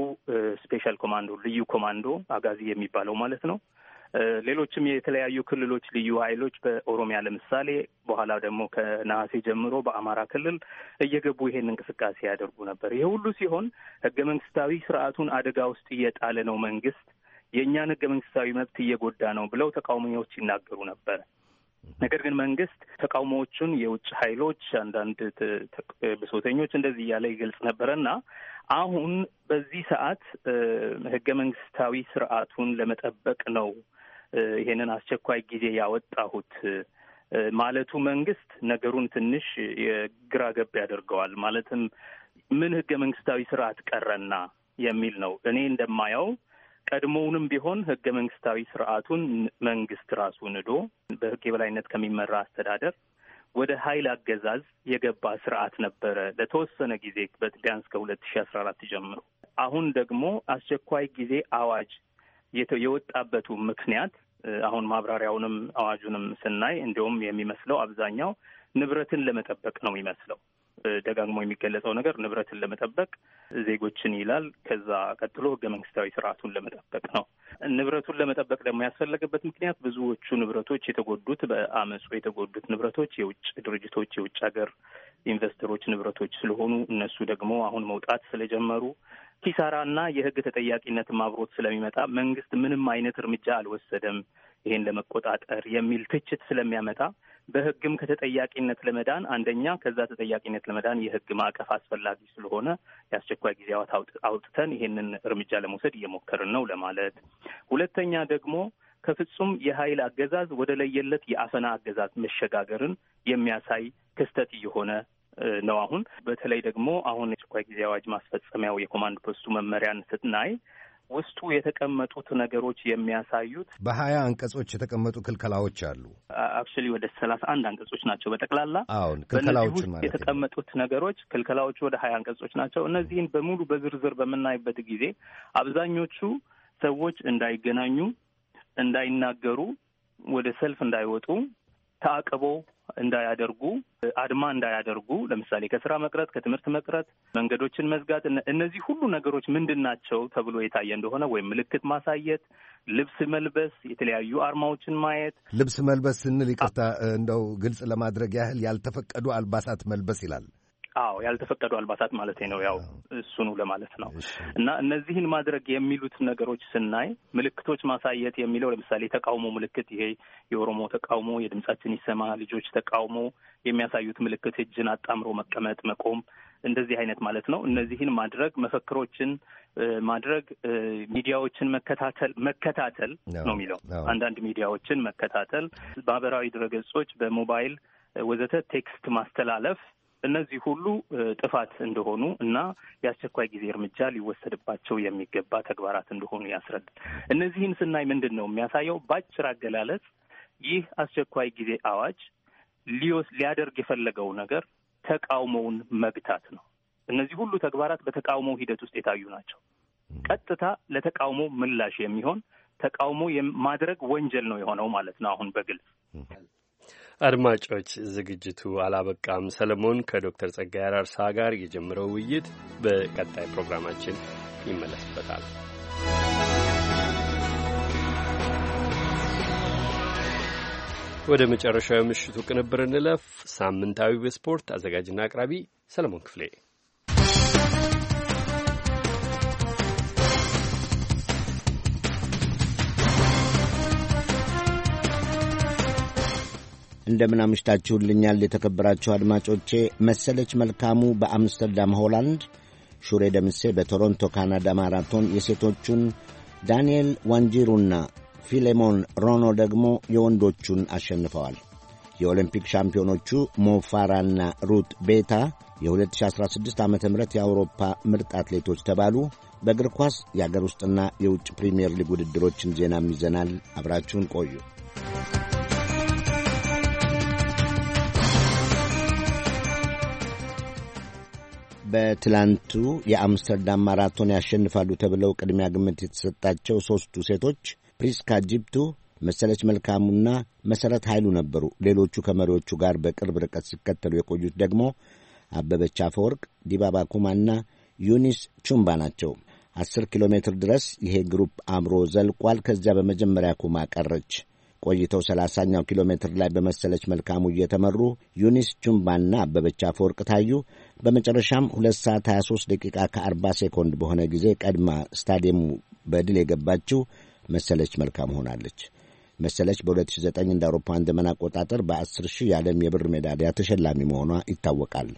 ስፔሻል ኮማንዶ ልዩ ኮማንዶ አጋዚ የሚባለው ማለት ነው። ሌሎችም የተለያዩ ክልሎች ልዩ ኃይሎች በኦሮሚያ ለምሳሌ፣ በኋላ ደግሞ ከነሐሴ ጀምሮ በአማራ ክልል እየገቡ ይሄን እንቅስቃሴ ያደርጉ ነበር። ይሄ ሁሉ ሲሆን ህገ መንግስታዊ ስርዓቱን አደጋ ውስጥ እየጣለ ነው መንግስት የእኛን ህገ መንግስታዊ መብት እየጎዳ ነው ብለው ተቃዋሚዎች ይናገሩ ነበር። ነገር ግን መንግስት ተቃውሞዎቹን የውጭ ኃይሎች አንዳንድ ብሶተኞች እንደዚህ እያለ ይገልጽ ነበረና አሁን በዚህ ሰዓት ህገ መንግስታዊ ስርዓቱን ለመጠበቅ ነው ይሄንን አስቸኳይ ጊዜ ያወጣሁት ማለቱ መንግስት ነገሩን ትንሽ የግራ ገብ ያደርገዋል። ማለትም ምን ህገ መንግስታዊ ስርዓት ቀረና የሚል ነው። እኔ እንደማየው ቀድሞውንም ቢሆን ህገ መንግስታዊ ስርዓቱን መንግስት ራሱ ንዶ በህግ የበላይነት ከሚመራ አስተዳደር ወደ ሀይል አገዛዝ የገባ ስርዓት ነበረ ለተወሰነ ጊዜ ቢያንስ ከሁለት ሺ አስራ አራት ጀምሮ። አሁን ደግሞ አስቸኳይ ጊዜ አዋጅ የወጣበቱ ምክንያት አሁን ማብራሪያውንም አዋጁንም ስናይ እንዲሁም የሚመስለው አብዛኛው ንብረትን ለመጠበቅ ነው የሚመስለው። ደጋግሞ የሚገለጸው ነገር ንብረትን ለመጠበቅ ዜጎችን ይላል። ከዛ ቀጥሎ ህገ መንግስታዊ ስርዓቱን ለመጠበቅ ነው። ንብረቱን ለመጠበቅ ደግሞ ያስፈለገበት ምክንያት ብዙዎቹ ንብረቶች የተጎዱት በአመፁ የተጎዱት ንብረቶች የውጭ ድርጅቶች፣ የውጭ ሀገር ኢንቨስተሮች ንብረቶች ስለሆኑ እነሱ ደግሞ አሁን መውጣት ስለጀመሩ ኪሳራና የህግ ተጠያቂነትም አብሮት ስለሚመጣ መንግስት ምንም አይነት እርምጃ አልወሰደም። ይሄን ለመቆጣጠር የሚል ትችት ስለሚያመጣ በህግም ከተጠያቂነት ለመዳን አንደኛ ከዛ ተጠያቂነት ለመዳን የህግ ማዕቀፍ አስፈላጊ ስለሆነ የአስቸኳይ ጊዜ አውጥተን ይሄንን እርምጃ ለመውሰድ እየሞከርን ነው ለማለት፣ ሁለተኛ ደግሞ ከፍጹም የኃይል አገዛዝ ወደ ለየለት የአፈና አገዛዝ መሸጋገርን የሚያሳይ ክስተት እየሆነ ነው። አሁን በተለይ ደግሞ አሁን የአስቸኳይ ጊዜ አዋጅ ማስፈጸሚያው የኮማንድ ፖስቱ መመሪያን ስትናይ ውስጡ የተቀመጡት ነገሮች የሚያሳዩት በሀያ አንቀጾች የተቀመጡ ክልከላዎች አሉ። አክቹዋሊ ወደ ሰላሳ አንድ አንቀጾች ናቸው በጠቅላላ። አሁን ክልከላዎች ማለት የተቀመጡት ነገሮች ክልከላዎቹ ወደ ሀያ አንቀጾች ናቸው። እነዚህን በሙሉ በዝርዝር በምናይበት ጊዜ አብዛኞቹ ሰዎች እንዳይገናኙ፣ እንዳይናገሩ፣ ወደ ሰልፍ እንዳይወጡ፣ ተአቅበ። እንዳያደርጉ አድማ እንዳያደርጉ ለምሳሌ ከስራ መቅረት፣ ከትምህርት መቅረት፣ መንገዶችን መዝጋት እነዚህ ሁሉ ነገሮች ምንድን ናቸው ተብሎ የታየ እንደሆነ ወይም ምልክት ማሳየት፣ ልብስ መልበስ፣ የተለያዩ አርማዎችን ማየት። ልብስ መልበስ ስንል ይቅርታ እንደው ግልጽ ለማድረግ ያህል ያልተፈቀዱ አልባሳት መልበስ ይላል አዎ ያልተፈቀዱ አልባሳት ማለት ነው። ያው እሱኑ ለማለት ነው። እና እነዚህን ማድረግ የሚሉት ነገሮች ስናይ ምልክቶች ማሳየት የሚለው ለምሳሌ የተቃውሞ ምልክት ይሄ የኦሮሞ ተቃውሞ፣ የድምጻችን ይሰማ ልጆች ተቃውሞ የሚያሳዩት ምልክት እጅን አጣምሮ መቀመጥ፣ መቆም እንደዚህ አይነት ማለት ነው። እነዚህን ማድረግ መፈክሮችን ማድረግ ሚዲያዎችን መከታተል መከታተል ነው የሚለው አንዳንድ ሚዲያዎችን መከታተል፣ ማህበራዊ ድረገጾች በሞባይል ወዘተ ቴክስት ማስተላለፍ እነዚህ ሁሉ ጥፋት እንደሆኑ እና የአስቸኳይ ጊዜ እርምጃ ሊወሰድባቸው የሚገባ ተግባራት እንደሆኑ ያስረዳል። እነዚህን ስናይ ምንድን ነው የሚያሳየው? በአጭር አገላለጽ ይህ አስቸኳይ ጊዜ አዋጅ ሊወስ ሊያደርግ የፈለገው ነገር ተቃውሞውን መግታት ነው። እነዚህ ሁሉ ተግባራት በተቃውሞ ሂደት ውስጥ የታዩ ናቸው። ቀጥታ ለተቃውሞ ምላሽ የሚሆን ተቃውሞ ማድረግ ወንጀል ነው የሆነው ማለት ነው። አሁን በግልጽ አድማጮች፣ ዝግጅቱ አላበቃም። ሰለሞን ከዶክተር ጸጋዬ አራርሳ ጋር የጀመረው ውይይት በቀጣይ ፕሮግራማችን ይመለስበታል። ወደ መጨረሻው የምሽቱ ቅንብር እንለፍ። ሳምንታዊ በስፖርት አዘጋጅና አቅራቢ ሰለሞን ክፍሌ እንደምን አምሽታችሁልኛል የተከበራችሁ አድማጮቼ። መሰለች መልካሙ በአምስተርዳም ሆላንድ፣ ሹሬ ደምሴ በቶሮንቶ ካናዳ ማራቶን የሴቶቹን፣ ዳንኤል ዋንጂሩና ፊሌሞን ሮኖ ደግሞ የወንዶቹን አሸንፈዋል። የኦሎምፒክ ሻምፒዮኖቹ ሞፋራና ሩት ቤታ የ2016 ዓ ም የአውሮፓ ምርጥ አትሌቶች ተባሉ። በእግር ኳስ የአገር ውስጥና የውጭ ፕሪምየር ሊግ ውድድሮችን ዜናም ይዘናል። አብራችሁን ቆዩ። በትላንቱ የአምስተርዳም ማራቶን ያሸንፋሉ ተብለው ቅድሚያ ግምት የተሰጣቸው ሦስቱ ሴቶች ፕሪስካ ጂፕቱ፣ መሰለች መልካሙና መሠረት ኃይሉ ነበሩ። ሌሎቹ ከመሪዎቹ ጋር በቅርብ ርቀት ሲከተሉ የቆዩት ደግሞ አበበች አፈወርቅ፣ ዲባባ ኩማና ዩኒስ ቹምባ ናቸው። አስር ኪሎ ሜትር ድረስ ይሄ ግሩፕ አብሮ ዘልቋል። ከዚያ በመጀመሪያ ኩማ ቀረች። ቆይተው ሰላሳኛው ኪሎ ሜትር ላይ በመሰለች መልካሙ እየተመሩ ዩኒስ ቹምባና አበበች አፈወርቅ ታዩ። በመጨረሻም ሁለት ሰዓት 23 ደቂቃ ከ40 ሴኮንድ በሆነ ጊዜ ቀድማ ስታዲየሙ በድል የገባችው መሰለች መልካም ሆናለች። መሰለች በ2009 እንደ አውሮፓውያን ዘመን አቆጣጠር በ10 ሺህ የዓለም የብር ሜዳሊያ ተሸላሚ መሆኗ ይታወቃል።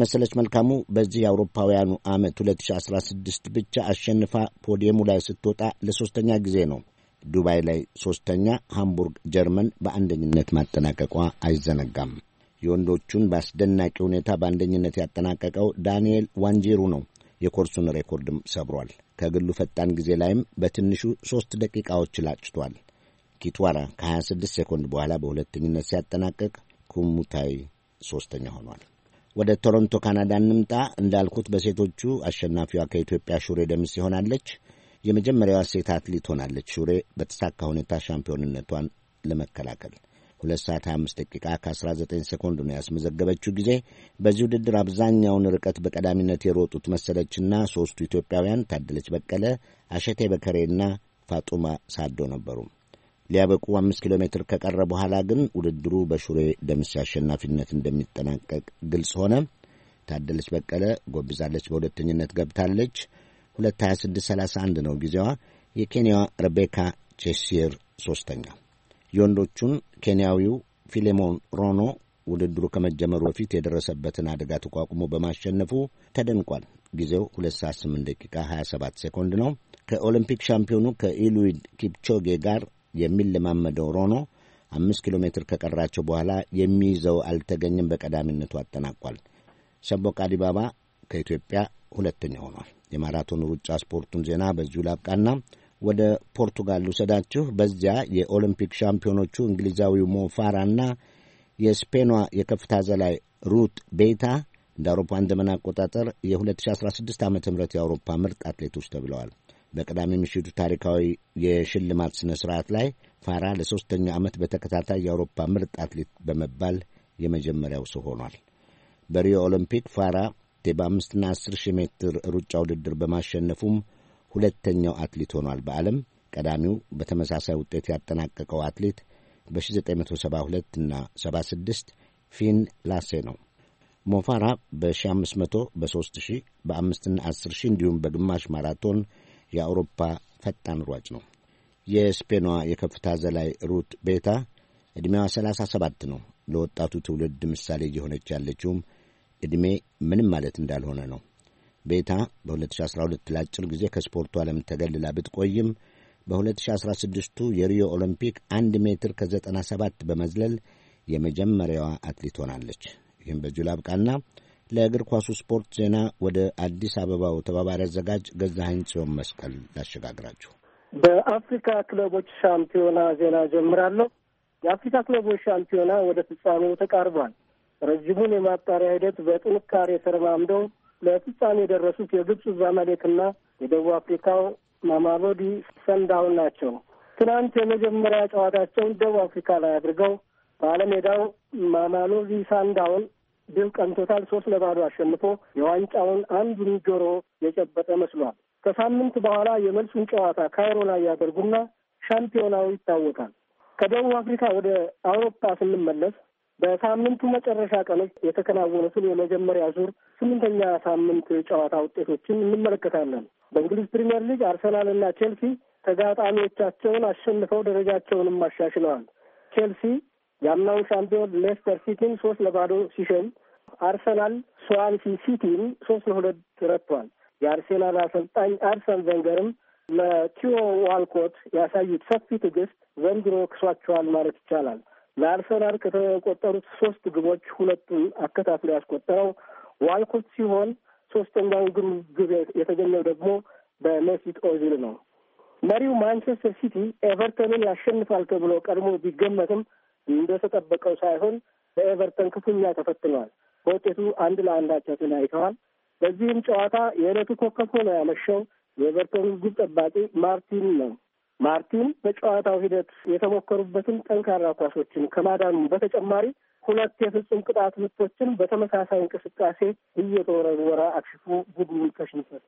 መሰለች መልካሙ በዚህ የአውሮፓውያኑ ዓመት 2016 ብቻ አሸንፋ ፖዲየሙ ላይ ስትወጣ ለሦስተኛ ጊዜ ነው። ዱባይ ላይ ሦስተኛ፣ ሃምቡርግ ጀርመን በአንደኝነት ማጠናቀቋ አይዘነጋም። የወንዶቹን በአስደናቂ ሁኔታ በአንደኝነት ያጠናቀቀው ዳንኤል ዋንጄሩ ነው። የኮርሱን ሬኮርድም ሰብሯል። ከግሉ ፈጣን ጊዜ ላይም በትንሹ ሦስት ደቂቃዎች ላጭቷል። ኪትዋራ ከ26 ሴኮንድ በኋላ በሁለተኝነት ሲያጠናቀቅ፣ ኩሙታይ ሦስተኛ ሆኗል። ወደ ቶሮንቶ ካናዳ እንምጣ። እንዳልኩት በሴቶቹ አሸናፊዋ ከኢትዮጵያ ሹሬ ደምስ ይሆናለች። የመጀመሪያዋ ሴት አትሌት ሆናለች ሹሬ በተሳካ ሁኔታ ሻምፒዮንነቷን ለመከላከል ሁለት ሰዓት 25 ደቂቃ ከ19 ሴኮንድ ነው ያስመዘገበችው ጊዜ። በዚህ ውድድር አብዛኛውን ርቀት በቀዳሚነት የሮጡት መሰለችና ሦስቱ ኢትዮጵያውያን ታደለች በቀለ፣ አሸቴ በከሬና ፋጡማ ሳዶ ነበሩ። ሊያበቁ አምስት ኪሎ ሜትር ከቀረ በኋላ ግን ውድድሩ በሹሬ ደምሴ አሸናፊነት እንደሚጠናቀቅ ግልጽ ሆነ። ታደለች በቀለ ጎብዛለች፣ በሁለተኝነት ገብታለች። 22631 ነው ጊዜዋ። የኬንያዋ ረቤካ ቼሲር ሦስተኛ። የወንዶቹን ኬንያዊው ፊሌሞን ሮኖ ውድድሩ ከመጀመሩ በፊት የደረሰበትን አደጋ ተቋቁሞ በማሸነፉ ተደንቋል። ጊዜው 2 ሰዓት 8 ደቂቃ 27 ሴኮንድ ነው። ከኦሎምፒክ ሻምፒዮኑ ከኢሉዊድ ኪፕቾጌ ጋር የሚለማመደው ሮኖ አምስት ኪሎ ሜትር ከቀራቸው በኋላ የሚይዘው አልተገኘም፣ በቀዳሚነቱ አጠናቋል። ሰቦቃ ዲባባ ከኢትዮጵያ ሁለተኛ ሆኗል። የማራቶን ሩጫ ስፖርቱን ዜና በዚሁ ላብቃና ወደ ፖርቱጋል ልውሰዳችሁ። በዚያ የኦሎምፒክ ሻምፒዮኖቹ እንግሊዛዊው ሞፋራና የስፔኗ የከፍታ ዘላይ ሩት ቤታ እንደ አውሮፓን ዘመን አቆጣጠር የ2016 ዓ ም የአውሮፓ ምርጥ አትሌቶች ተብለዋል። በቅዳሜ ምሽቱ ታሪካዊ የሽልማት ሥነ ሥርዓት ላይ ፋራ ለሦስተኛ ዓመት በተከታታይ የአውሮፓ ምርጥ አትሌት በመባል የመጀመሪያው ሰው ሆኗል። በሪዮ ኦሎምፒክ ፋራ ሁለቴ በአምስትና አስር ሺህ ሜትር ሩጫ ውድድር በማሸነፉም ሁለተኛው አትሌት ሆኗል። በዓለም ቀዳሚው በተመሳሳይ ውጤት ያጠናቀቀው አትሌት በ1972 እና 76 ፊን ላሴ ነው። ሞፋራ በ1500 በ3000 በ5ና እንዲሁም በግማሽ ማራቶን የአውሮፓ ፈጣን ሯጭ ነው። የስፔኗ የከፍታ ዘላይ ሩት ቤታ ዕድሜዋ 37 ነው። ለወጣቱ ትውልድ ምሳሌ እየሆነች ያለችውም ዕድሜ ምንም ማለት እንዳልሆነ ነው። ቤታ በ2012 ለአጭር ጊዜ ከስፖርቱ ዓለም ተገልላ ብትቆይም በ2016ቱ የሪዮ ኦሎምፒክ 1 ሜትር ከ97 በመዝለል የመጀመሪያዋ አትሌት ሆናለች። ይህም በዚሁ ላብቃና ለእግር ኳሱ ስፖርት ዜና ወደ አዲስ አበባው ተባባሪ አዘጋጅ ገዛኸኝ ጽዮን መስቀል ላሸጋግራችሁ። በአፍሪካ ክለቦች ሻምፒዮና ዜና ጀምራለሁ። የአፍሪካ ክለቦች ሻምፒዮና ወደ ፍጻሜው ተቃርቧል። ረጅሙን የማጣሪያ ሂደት በጥንካሬ ተረማምደው ለፍጻሜ የደረሱት የግብፁ ዛመሌክና የደቡብ አፍሪካው ማማሎዲ ሰንዳውን ናቸው። ትናንት የመጀመሪያ ጨዋታቸውን ደቡብ አፍሪካ ላይ አድርገው ባለሜዳው ማማሎዲ ሳንዳውን ድል ቀንቶታል። ሶስት ለባዶ አሸንፎ የዋንጫውን አንዱን ጆሮ የጨበጠ መስሏል። ከሳምንት በኋላ የመልሱን ጨዋታ ካይሮ ላይ ያደርጉና ሻምፒዮናው ይታወቃል። ከደቡብ አፍሪካ ወደ አውሮፓ ስንመለስ በሳምንቱ መጨረሻ ቀኖች የተከናወኑትን የመጀመሪያ ዙር ስምንተኛ ሳምንት ጨዋታ ውጤቶችን እንመለከታለን። በእንግሊዝ ፕሪምየር ሊግ አርሰናልና ቼልሲ ተጋጣሚዎቻቸውን አሸንፈው ደረጃቸውንም አሻሽለዋል። ቼልሲ የአምናውን ሻምፒዮን ሌስተር ሲቲን ሶስት ለባዶ ሲሸኝ፣ አርሰናል ስዋንሲ ሲቲን ሶስት ለሁለት ረቷል። የአርሴናል አሰልጣኝ አርሰን ቬንገርም ለቲዮ ዋልኮት ያሳዩት ሰፊ ትዕግስት ዘንድሮ ክሷቸዋል ማለት ይቻላል። ለአርሰናል ከተቆጠሩት ሶስት ግቦች ሁለቱን አከታትሎ ያስቆጠረው ዋልኮት ሲሆን ሶስተኛው ግን ግብ የተገኘው ደግሞ በሜሲት ኦዚል ነው። መሪው ማንቸስተር ሲቲ ኤቨርተንን ያሸንፋል ተብሎ ቀድሞ ቢገመትም እንደተጠበቀው ሳይሆን በኤቨርተን ክፉኛ ተፈትነዋል። በውጤቱ አንድ ለአንድ አቻ ተለያይተዋል። በዚህም ጨዋታ የዕለቱ ኮከብ ሆኖ ያመሸው የኤቨርተኑ ግብ ጠባቂ ማርቲን ነው። ማርቲን በጨዋታው ሂደት የተሞከሩበትን ጠንካራ ኳሶችን ከማዳኑ በተጨማሪ ሁለት የፍጹም ቅጣት ምቶችን በተመሳሳይ እንቅስቃሴ እየተወረወረ አክሽፎ ቡድኑ ከሽንፈት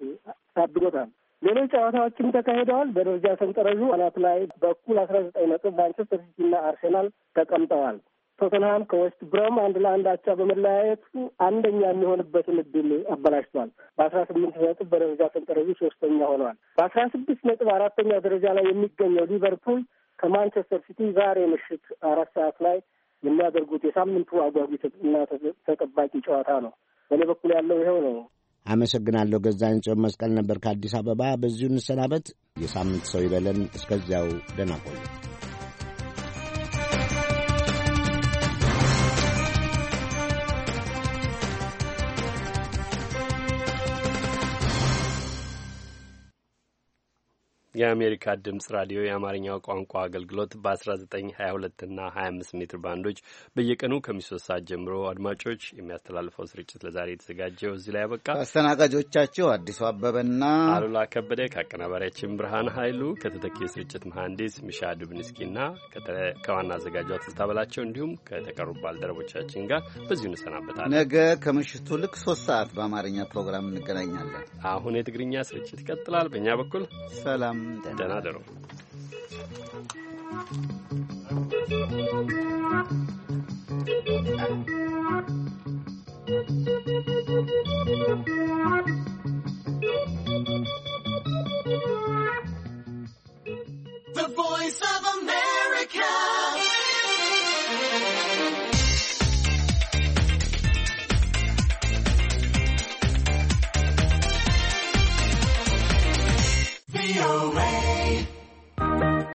ታድጎታል። ሌሎች ጨዋታዎችም ተካሂደዋል። በደረጃ ሰንጠረዡ አናት ላይ በኩል አስራ ዘጠኝ ነጥብ ማንቸስተር ሲቲና አርሴናል ተቀምጠዋል። ቶተንሃም ከዌስት ብሮም አንድ ለአንድ አቻ በመለያየቱ አንደኛ የሚሆንበትን እድል አበላሽቷል። በአስራ ስምንት ነጥብ በደረጃ ሰንጠረዡ ሶስተኛ ሆነዋል። በአስራ ስድስት ነጥብ አራተኛ ደረጃ ላይ የሚገኘው ሊቨርፑል ከማንቸስተር ሲቲ ዛሬ ምሽት አራት ሰዓት ላይ የሚያደርጉት የሳምንቱ አጓጊ እና ተጠባቂ ጨዋታ ነው። በእኔ በኩል ያለው ይኸው ነው። አመሰግናለሁ። ገዛኝ ጽዮን መስቀል ነበር ከአዲስ አበባ። በዚሁ እንሰናበት። የሳምንት ሰው ይበለን። እስከዚያው ደህና ቆዩ። የአሜሪካ ድምጽ ራዲዮ የአማርኛው ቋንቋ አገልግሎት በ1922 እና 25 ሜትር ባንዶች በየቀኑ ከሚሶስት ሰዓት ጀምሮ አድማጮች የሚያስተላልፈው ስርጭት ለዛሬ የተዘጋጀው እዚህ ላይ ያበቃ። አስተናጋጆቻቸው አዲሱ አበበና አሉላ ከበደ ከአቀናባሪያችን ብርሃን ኃይሉ ከተተኪ ስርጭት መሐንዲስ ሚሻ ዱብንስኪና ከዋና አዘጋጇ ትዝታ በላቸው እንዲሁም ከተቀሩ ባልደረቦቻችን ጋር በዚሁ እንሰናበታለን። ነገ ከምሽቱ ልክ ሶስት ሰዓት በአማርኛ ፕሮግራም እንገናኛለን። አሁን የትግርኛ ስርጭት ይቀጥላል። በእኛ በኩል ሰላም den, den hade de. The voice of America.